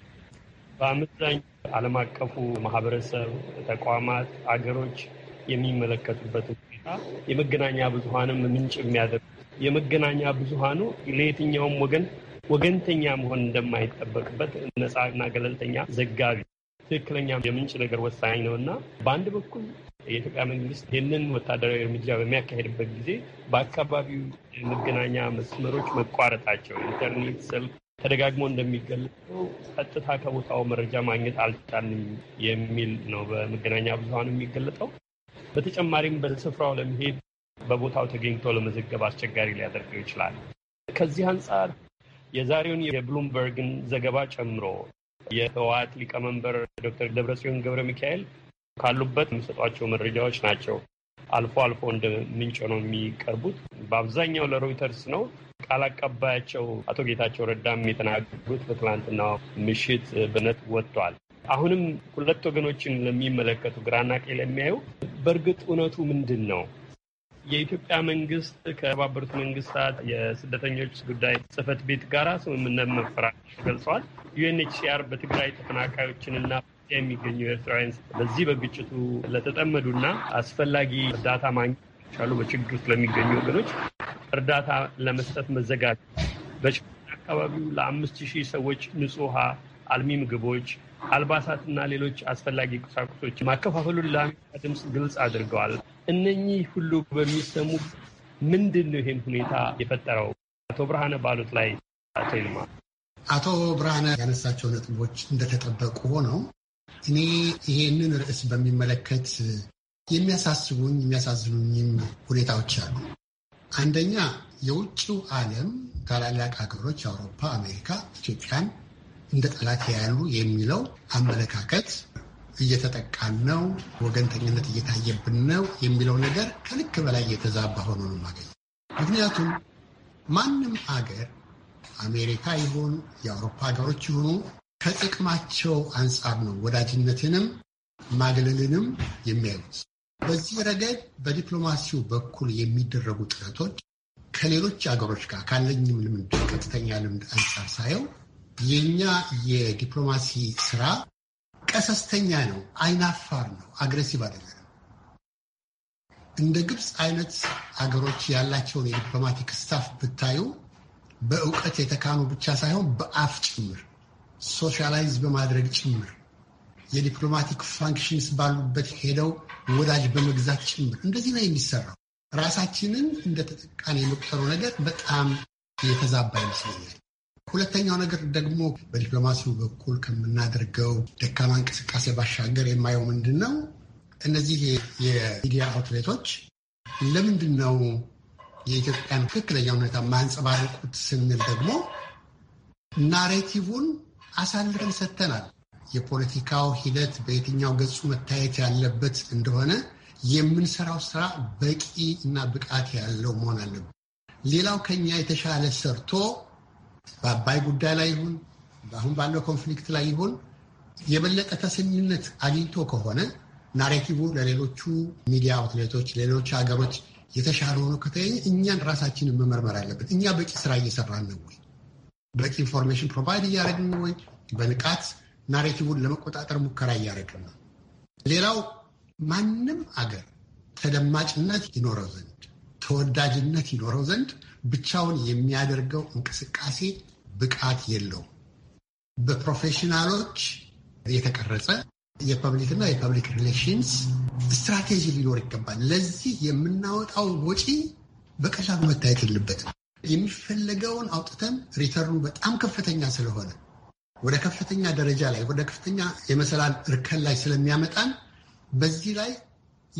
በአመዛኝ ዓለም አቀፉ ማህበረሰብ፣ ተቋማት፣ አገሮች የሚመለከቱበት ሁኔታ የመገናኛ ብዙሀንም ምንጭ የሚያደርጉት የመገናኛ ብዙሀኑ ለየትኛውም ወገን ወገንተኛ መሆን እንደማይጠበቅበት ነፃና ገለልተኛ ዘጋቢ ትክክለኛ የምንጭ ነገር ወሳኝ ነው እና በአንድ በኩል የኢትዮጵያ መንግስት ይህንን ወታደራዊ እርምጃ በሚያካሄድበት ጊዜ በአካባቢው የመገናኛ መስመሮች መቋረጣቸው ኢንተርኔት፣ ስልክ ተደጋግሞ እንደሚገለጸው ቀጥታ ከቦታው መረጃ ማግኘት አልቻልንም የሚል ነው በመገናኛ ብዙሀን የሚገለጠው። በተጨማሪም በስፍራው ለመሄድ በቦታው ተገኝቶ ለመዘገብ አስቸጋሪ ሊያደርገው ይችላል። ከዚህ አንጻር የዛሬውን የብሉምበርግን ዘገባ ጨምሮ የህወሓት ሊቀመንበር ዶክተር ደብረጽዮን ገብረ ሚካኤል ካሉበት የሚሰጧቸው መረጃዎች ናቸው። አልፎ አልፎ እንደ ምንጭ ነው የሚቀርቡት። በአብዛኛው ለሮይተርስ ነው። ቃል አቀባያቸው አቶ ጌታቸው ረዳም የተናገሩት በትላንትናው ምሽት በነት ወጥቷል። አሁንም ሁለት ወገኖችን ለሚመለከቱ ግራና ቀኝ ለሚያዩ በእርግጥ እውነቱ ምንድን ነው? የኢትዮጵያ መንግስት ከተባበሩት መንግስታት የስደተኞች ጉዳይ ጽህፈት ቤት ጋር ስምምነት መፈራሽ ገልጸዋል። ዩኤንኤችሲአር በትግራይ ተፈናቃዮችንና የሚገኙ ኤርትራውያን በዚህ በግጭቱ ለተጠመዱና አስፈላጊ እርዳታ ማግኘት አሉ በችግር ውስጥ ለሚገኙ ወገኖች እርዳታ ለመስጠት መዘጋጀት በችግር አካባቢው ለአምስት ሺህ ሰዎች ንጹህ ውሃ፣ አልሚ ምግቦች፣ አልባሳትና ሌሎች አስፈላጊ ቁሳቁሶች ማከፋፈሉን ለአሜሪካ ድምፅ ግልጽ አድርገዋል። እነኚህ ሁሉ በሚሰሙ ምንድን ነው ይህን ሁኔታ የፈጠረው? አቶ ብርሃነ ባሉት ላይ አቶ ይልማ አቶ ብርሃነ ያነሳቸው ነጥቦች እንደተጠበቁ ሆነው እኔ ይሄንን ርዕስ በሚመለከት የሚያሳስቡኝ የሚያሳዝኑኝም ሁኔታዎች አሉ። አንደኛ የውጭው ዓለም ታላላቅ ሀገሮች አውሮፓ፣ አሜሪካ ኢትዮጵያን እንደ ጠላት ያሉ የሚለው አመለካከት እየተጠቃን ነው፣ ወገንተኝነት እየታየብን ነው የሚለው ነገር ከልክ በላይ እየተዛባ ሆኖ ነው ማገኝ። ምክንያቱም ማንም አገር አሜሪካ ይሁን የአውሮፓ ሀገሮች ይሁኑ ከጥቅማቸው አንጻር ነው ወዳጅነትንም ማግለልንም የሚያዩት። በዚህ ረገድ በዲፕሎማሲው በኩል የሚደረጉ ጥረቶች ከሌሎች አገሮች ጋር ካለኝም ልምድ ቀጥተኛ ልምድ አንጻር ሳየው የእኛ የዲፕሎማሲ ስራ ቀሰስተኛ ነው፣ አይናፋር ነው፣ አግሬሲቭ አይደለም። እንደ ግብፅ አይነት አገሮች ያላቸውን የዲፕሎማቲክ ስታፍ ብታዩ በእውቀት የተካኑ ብቻ ሳይሆን በአፍ ጭምር ሶሻላይዝ በማድረግ ጭምር የዲፕሎማቲክ ፋንክሽንስ ባሉበት ሄደው ወዳጅ በመግዛት ጭምር እንደዚህ ነው የሚሰራው። ራሳችንን እንደ ተጠቃሚ የመቁጠሩ ነገር በጣም የተዛባ ይመስለኛል። ሁለተኛው ነገር ደግሞ በዲፕሎማሲው በኩል ከምናደርገው ደካማ እንቅስቃሴ ባሻገር የማየው ምንድን ነው፣ እነዚህ የሚዲያ አውትሌቶች ለምንድን ነው የኢትዮጵያን ትክክለኛ ሁኔታ የማያንጸባርቁት ስንል ደግሞ ናሬቲቭን አሳልፈን ሰጥተናል። የፖለቲካው ሂደት በየትኛው ገጹ መታየት ያለበት እንደሆነ የምንሰራው ስራ በቂ እና ብቃት ያለው መሆን አለበት። ሌላው ከኛ የተሻለ ሰርቶ በአባይ ጉዳይ ላይ ይሁን አሁን ባለው ኮንፍሊክት ላይ ይሁን የበለጠ ተሰሚነት አግኝቶ ከሆነ ናሬቲቭ ለሌሎቹ ሚዲያ አውትሌቶች፣ ሌሎች ሀገሮች የተሻለ ሆኖ ከተገኘ እኛን ራሳችንን መመርመር አለበት። እኛ በቂ ስራ እየሰራን ነው ወይ? በቂ ኢንፎርሜሽን ፕሮቫይድ እያደረግን ወይ? በንቃት ናሬቲቡን ለመቆጣጠር ሙከራ እያደረገ ነው። ሌላው ማንም አገር ተደማጭነት ይኖረው ዘንድ ተወዳጅነት ይኖረው ዘንድ ብቻውን የሚያደርገው እንቅስቃሴ ብቃት የለውም። በፕሮፌሽናሎች የተቀረጸ የፐብሊክና የፐብሊክ ሪሌሽንስ ስትራቴጂ ሊኖር ይገባል። ለዚህ የምናወጣው ወጪ በቀላሉ መታየት የለበትም። የሚፈለገውን አውጥተን ሪተርኑ በጣም ከፍተኛ ስለሆነ ወደ ከፍተኛ ደረጃ ላይ ወደ ከፍተኛ የመሰላል እርከን ላይ ስለሚያመጣን በዚህ ላይ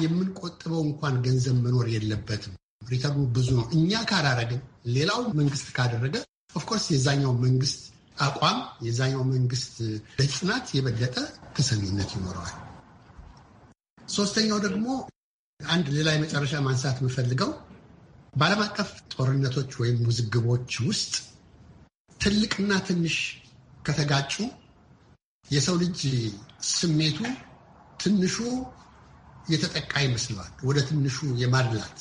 የምንቆጥበው እንኳን ገንዘብ መኖር የለበትም። ሪተርኑ ብዙ ነው። እኛ ካላረግን ሌላው መንግስት ካደረገ ኦፍኮርስ የዛኛው መንግስት አቋም የዛኛው መንግስት ለጽናት የበለጠ ተሰሚነት ይኖረዋል። ሶስተኛው ደግሞ አንድ ሌላ የመጨረሻ ማንሳት የምፈልገው በዓለም አቀፍ ጦርነቶች ወይም ውዝግቦች ውስጥ ትልቅና ትንሽ ከተጋጩ የሰው ልጅ ስሜቱ ትንሹ የተጠቃ ይመስለዋል። ወደ ትንሹ የማድላት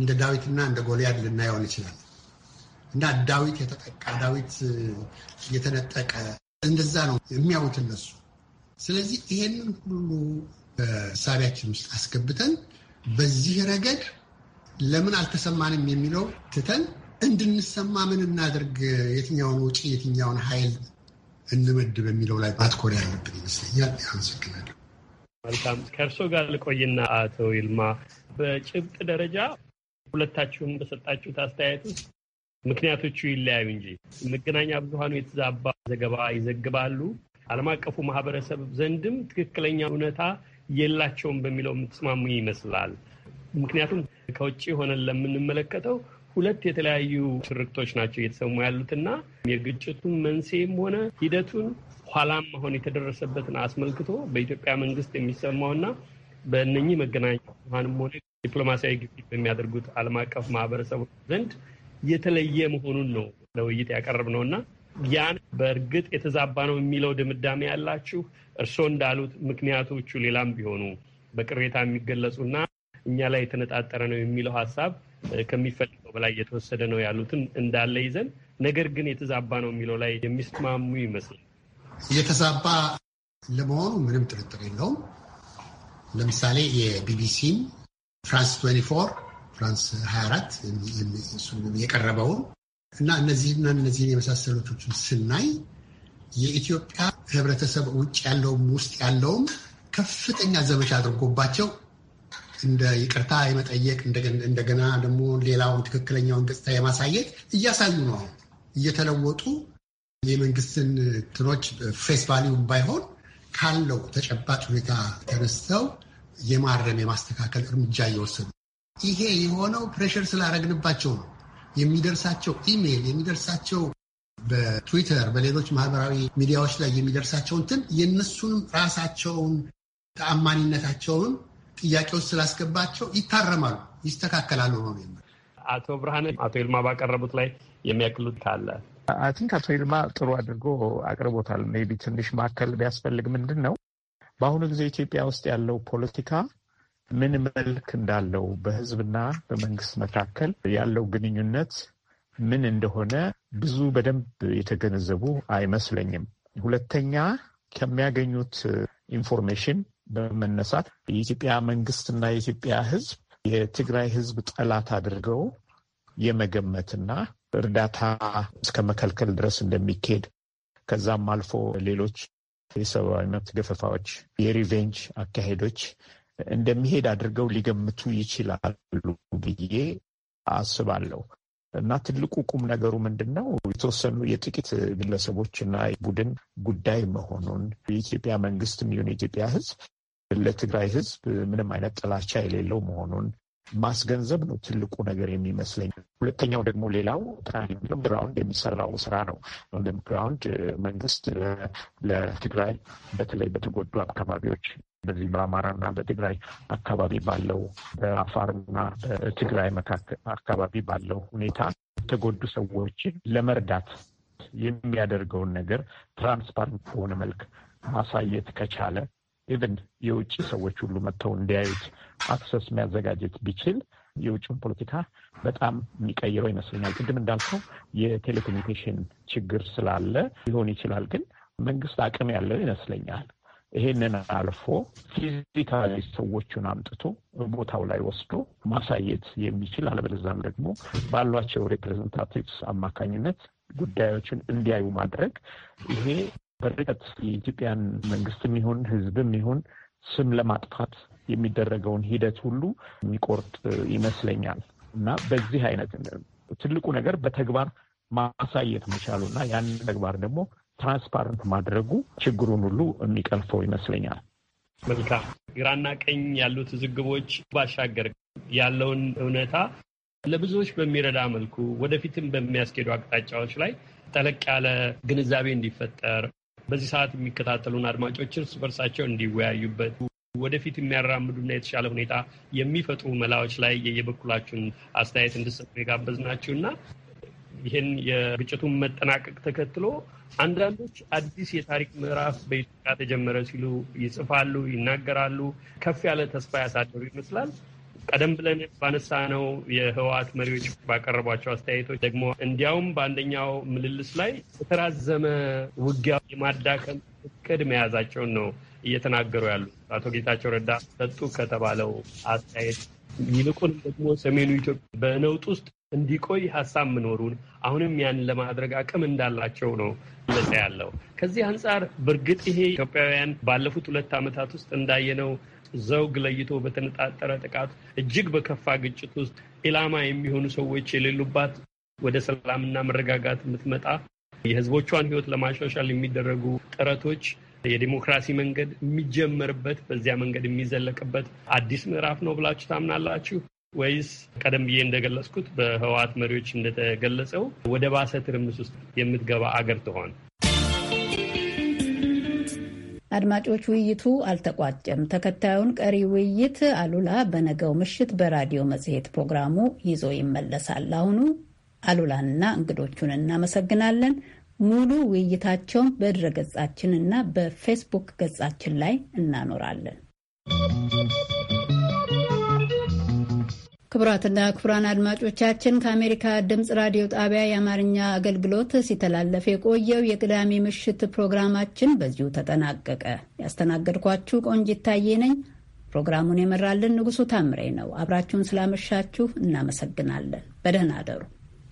እንደ ዳዊትና እንደ ጎልያድ ልናየውን ይችላል እና ዳዊት የተጠቃ ዳዊት የተነጠቀ እንደዛ ነው የሚያዩት እነሱ። ስለዚህ ይሄንን ሁሉ ሳቢያችን ውስጥ አስገብተን በዚህ ረገድ ለምን አልተሰማንም የሚለው ትተን እንድንሰማ ምን እናድርግ፣ የትኛውን ውጪ የትኛውን ኃይል እንመድብ የሚለው ላይ ማትኮር ያለብን ይመስለኛል። አመሰግናለሁ። መልካም ከእርሶ ጋር ልቆይና አቶ ይልማ በጭብጥ ደረጃ ሁለታችሁም በሰጣችሁት አስተያየት ውስጥ ምክንያቶቹ ይለያዩ እንጂ መገናኛ ብዙኃኑ የተዛባ ዘገባ ይዘግባሉ። ዓለም አቀፉ ማህበረሰብ ዘንድም ትክክለኛ እውነታ የላቸውም በሚለው የምትስማሙ ይመስላል። ምክንያቱም ከውጭ ሆነን ለምንመለከተው ሁለት የተለያዩ ሽርክቶች ናቸው እየተሰሙ ያሉትና የግጭቱን መንስኤም ሆነ ሂደቱን ኋላም አሁን የተደረሰበትን አስመልክቶ በኢትዮጵያ መንግስት የሚሰማውና በእነኚህ መገናኛ ብዙሃንም ሆነ ዲፕሎማሲያዊ ግፊት በሚያደርጉት ዓለም አቀፍ ማህበረሰቡ ዘንድ የተለየ መሆኑን ነው ለውይይት ያቀረብ ነው እና ያን በእርግጥ የተዛባ ነው የሚለው ድምዳሜ ያላችሁ እርስዎ እንዳሉት ምክንያቶቹ ሌላም ቢሆኑ በቅሬታ የሚገለጹና እኛ ላይ የተነጣጠረ ነው የሚለው ሀሳብ ከሚፈልገው በላይ እየተወሰደ ነው ያሉትን እንዳለ ይዘን ነገር ግን የተዛባ ነው የሚለው ላይ የሚስማሙ ይመስላል። የተዛባ ለመሆኑ ምንም ጥርጥር የለውም። ለምሳሌ የቢቢሲን ፍራንስ 24 ፍራንስ 24 የቀረበውን እና እነዚህና እነዚህን የመሳሰሉቶችን ስናይ የኢትዮጵያ ሕብረተሰብ ውጭ ያለውም ውስጥ ያለውም ከፍተኛ ዘመቻ አድርጎባቸው እንደ ይቅርታ የመጠየቅ እንደገና ደግሞ ሌላውን ትክክለኛውን ገጽታ የማሳየት እያሳዩ ነው። አሁን እየተለወጡ የመንግስትን ትኖች ፌስ ቫሊዩም ባይሆን ካለው ተጨባጭ ሁኔታ ተነስተው የማረም የማስተካከል እርምጃ እየወሰዱ ይሄ የሆነው ፕሬሽር ስላደረግንባቸው ነው። የሚደርሳቸው ኢሜይል የሚደርሳቸው በትዊተር በሌሎች ማህበራዊ ሚዲያዎች ላይ የሚደርሳቸው እንትን የእነሱንም ራሳቸውን ተአማኒነታቸውን ጥያቄዎች ስላስገባቸው ይታረማሉ፣ ይስተካከላሉ ነው አቶ ብርሃን አቶ ይልማ ባቀረቡት ላይ የሚያክሉት ካለ አይ ቲንክ አቶ ይልማ ጥሩ አድርጎ አቅርቦታል። ሜይ ቢ ትንሽ ማከል ቢያስፈልግ ምንድን ነው በአሁኑ ጊዜ ኢትዮጵያ ውስጥ ያለው ፖለቲካ ምን መልክ እንዳለው በህዝብና በመንግስት መካከል ያለው ግንኙነት ምን እንደሆነ ብዙ በደንብ የተገነዘቡ አይመስለኝም። ሁለተኛ ከሚያገኙት ኢንፎርሜሽን በመነሳት የኢትዮጵያ መንግስትና የኢትዮጵያ ህዝብ የትግራይ ህዝብ ጠላት አድርገው የመገመትና እርዳታ እስከ መከልከል ድረስ እንደሚካሄድ ከዛም አልፎ ሌሎች የሰብአዊ መብት ገፈፋዎች፣ የሪቬንጅ አካሄዶች እንደሚሄድ አድርገው ሊገምቱ ይችላሉ ብዬ አስባለሁ። እና ትልቁ ቁም ነገሩ ምንድን ነው? የተወሰኑ የጥቂት ግለሰቦችና ቡድን ጉዳይ መሆኑን የኢትዮጵያ መንግስትም ይሁን የኢትዮጵያ ህዝብ ለትግራይ ህዝብ ምንም አይነት ጥላቻ የሌለው መሆኑን ማስገንዘብ ነው ትልቁ ነገር የሚመስለኝ። ሁለተኛው ደግሞ ሌላው ግራውንድ የሚሰራው ስራ ነው። ግራውንድ መንግስት ለትግራይ በተለይ በተጎዱ አካባቢዎች በዚህ በአማራና በትግራይ አካባቢ ባለው በአፋርና በትግራይ መካከል አካባቢ ባለው ሁኔታ የተጎዱ ሰዎችን ለመርዳት የሚያደርገውን ነገር ትራንስፓረንት በሆነ መልክ ማሳየት ከቻለ ኢቨን የውጭ ሰዎች ሁሉ መጥተው እንዲያዩት አክሰስ የሚያዘጋጀት ቢችል የውጭውን ፖለቲካ በጣም የሚቀይረው ይመስለኛል። ቅድም እንዳልከው የቴሌኮሙኒኬሽን ችግር ስላለ ሊሆን ይችላል፣ ግን መንግስት አቅም ያለው ይመስለኛል። ይሄንን አልፎ ፊዚካሊ ሰዎቹን አምጥቶ ቦታው ላይ ወስዶ ማሳየት የሚችል አለበለዛም ደግሞ ባሏቸው ሪፕሬዘንታቲቭስ አማካኝነት ጉዳዮችን እንዲያዩ ማድረግ ይሄ በርቀት የኢትዮጵያን መንግስትም ይሁን ህዝብም ይሁን ስም ለማጥፋት የሚደረገውን ሂደት ሁሉ የሚቆርጥ ይመስለኛል እና በዚህ አይነት ትልቁ ነገር በተግባር ማሳየት መቻሉ እና ያንን ተግባር ደግሞ ትራንስፓረንት ማድረጉ ችግሩን ሁሉ የሚቀልፈው ይመስለኛል። መልካም ግራና ቀኝ ያሉት ዝግቦች ባሻገር ያለውን እውነታ ለብዙዎች በሚረዳ መልኩ ወደፊትም በሚያስኬዱ አቅጣጫዎች ላይ ጠለቅ ያለ ግንዛቤ እንዲፈጠር በዚህ ሰዓት የሚከታተሉን አድማጮች እርስ በርሳቸው እንዲወያዩበት ወደፊት የሚያራምዱና የተሻለ ሁኔታ የሚፈጥሩ መላዎች ላይ የየበኩላችሁን አስተያየት እንድሰጡ የጋበዝናችሁ እና ይህን የግጭቱን መጠናቀቅ ተከትሎ አንዳንዶች አዲስ የታሪክ ምዕራፍ በኢትዮጵያ ተጀመረ ሲሉ ይጽፋሉ፣ ይናገራሉ። ከፍ ያለ ተስፋ ያሳደሩ ይመስላል። ቀደም ብለን ባነሳ ነው የህወሓት መሪዎች ባቀረቧቸው አስተያየቶች ደግሞ እንዲያውም በአንደኛው ምልልስ ላይ የተራዘመ ውጊያ የማዳከም እቅድ መያዛቸውን ነው እየተናገሩ ያሉ አቶ ጌታቸው ረዳ ሰጡ ከተባለው አስተያየት ይልቁን ደግሞ ሰሜኑ ኢትዮጵያ በነውጥ ውስጥ እንዲቆይ ሀሳብ መኖሩን አሁንም ያን ለማድረግ አቅም እንዳላቸው ነው ያለው። ከዚህ አንጻር በእርግጥ ይሄ ኢትዮጵያውያን ባለፉት ሁለት ዓመታት ውስጥ እንዳየነው ዘውግ ለይቶ በተነጣጠረ ጥቃት እጅግ በከፋ ግጭት ውስጥ ኢላማ የሚሆኑ ሰዎች የሌሉባት ወደ ሰላምና መረጋጋት የምትመጣ የህዝቦቿን ህይወት ለማሻሻል የሚደረጉ ጥረቶች የዲሞክራሲ መንገድ የሚጀመርበት በዚያ መንገድ የሚዘለቅበት አዲስ ምዕራፍ ነው ብላችሁ ታምናላችሁ ወይስ ቀደም ብዬ እንደገለጽኩት በህወሓት መሪዎች እንደተገለጸው ወደ ባሰ ትርምስ ውስጥ የምትገባ አገር ትሆን? አድማጮች፣ ውይይቱ አልተቋጨም። ተከታዩን ቀሪ ውይይት አሉላ በነገው ምሽት በራዲዮ መጽሔት ፕሮግራሙ ይዞ ይመለሳል። አሁኑ አሉላንና እንግዶቹን እናመሰግናለን። ሙሉ ውይይታቸውን በድረ ገጻችንና እና በፌስቡክ ገጻችን ላይ እናኖራለን። ክቡራትና ክቡራን አድማጮቻችን ከአሜሪካ ድምፅ ራዲዮ ጣቢያ የአማርኛ አገልግሎት ሲተላለፍ የቆየው የቅዳሜ ምሽት ፕሮግራማችን በዚሁ ተጠናቀቀ። ያስተናገድኳችሁ ቆንጂት ታዬ ነኝ። ፕሮግራሙን የመራልን ንጉሱ ታምሬ ነው። አብራችሁን ስላመሻችሁ እናመሰግናለን። በደህና አደሩ።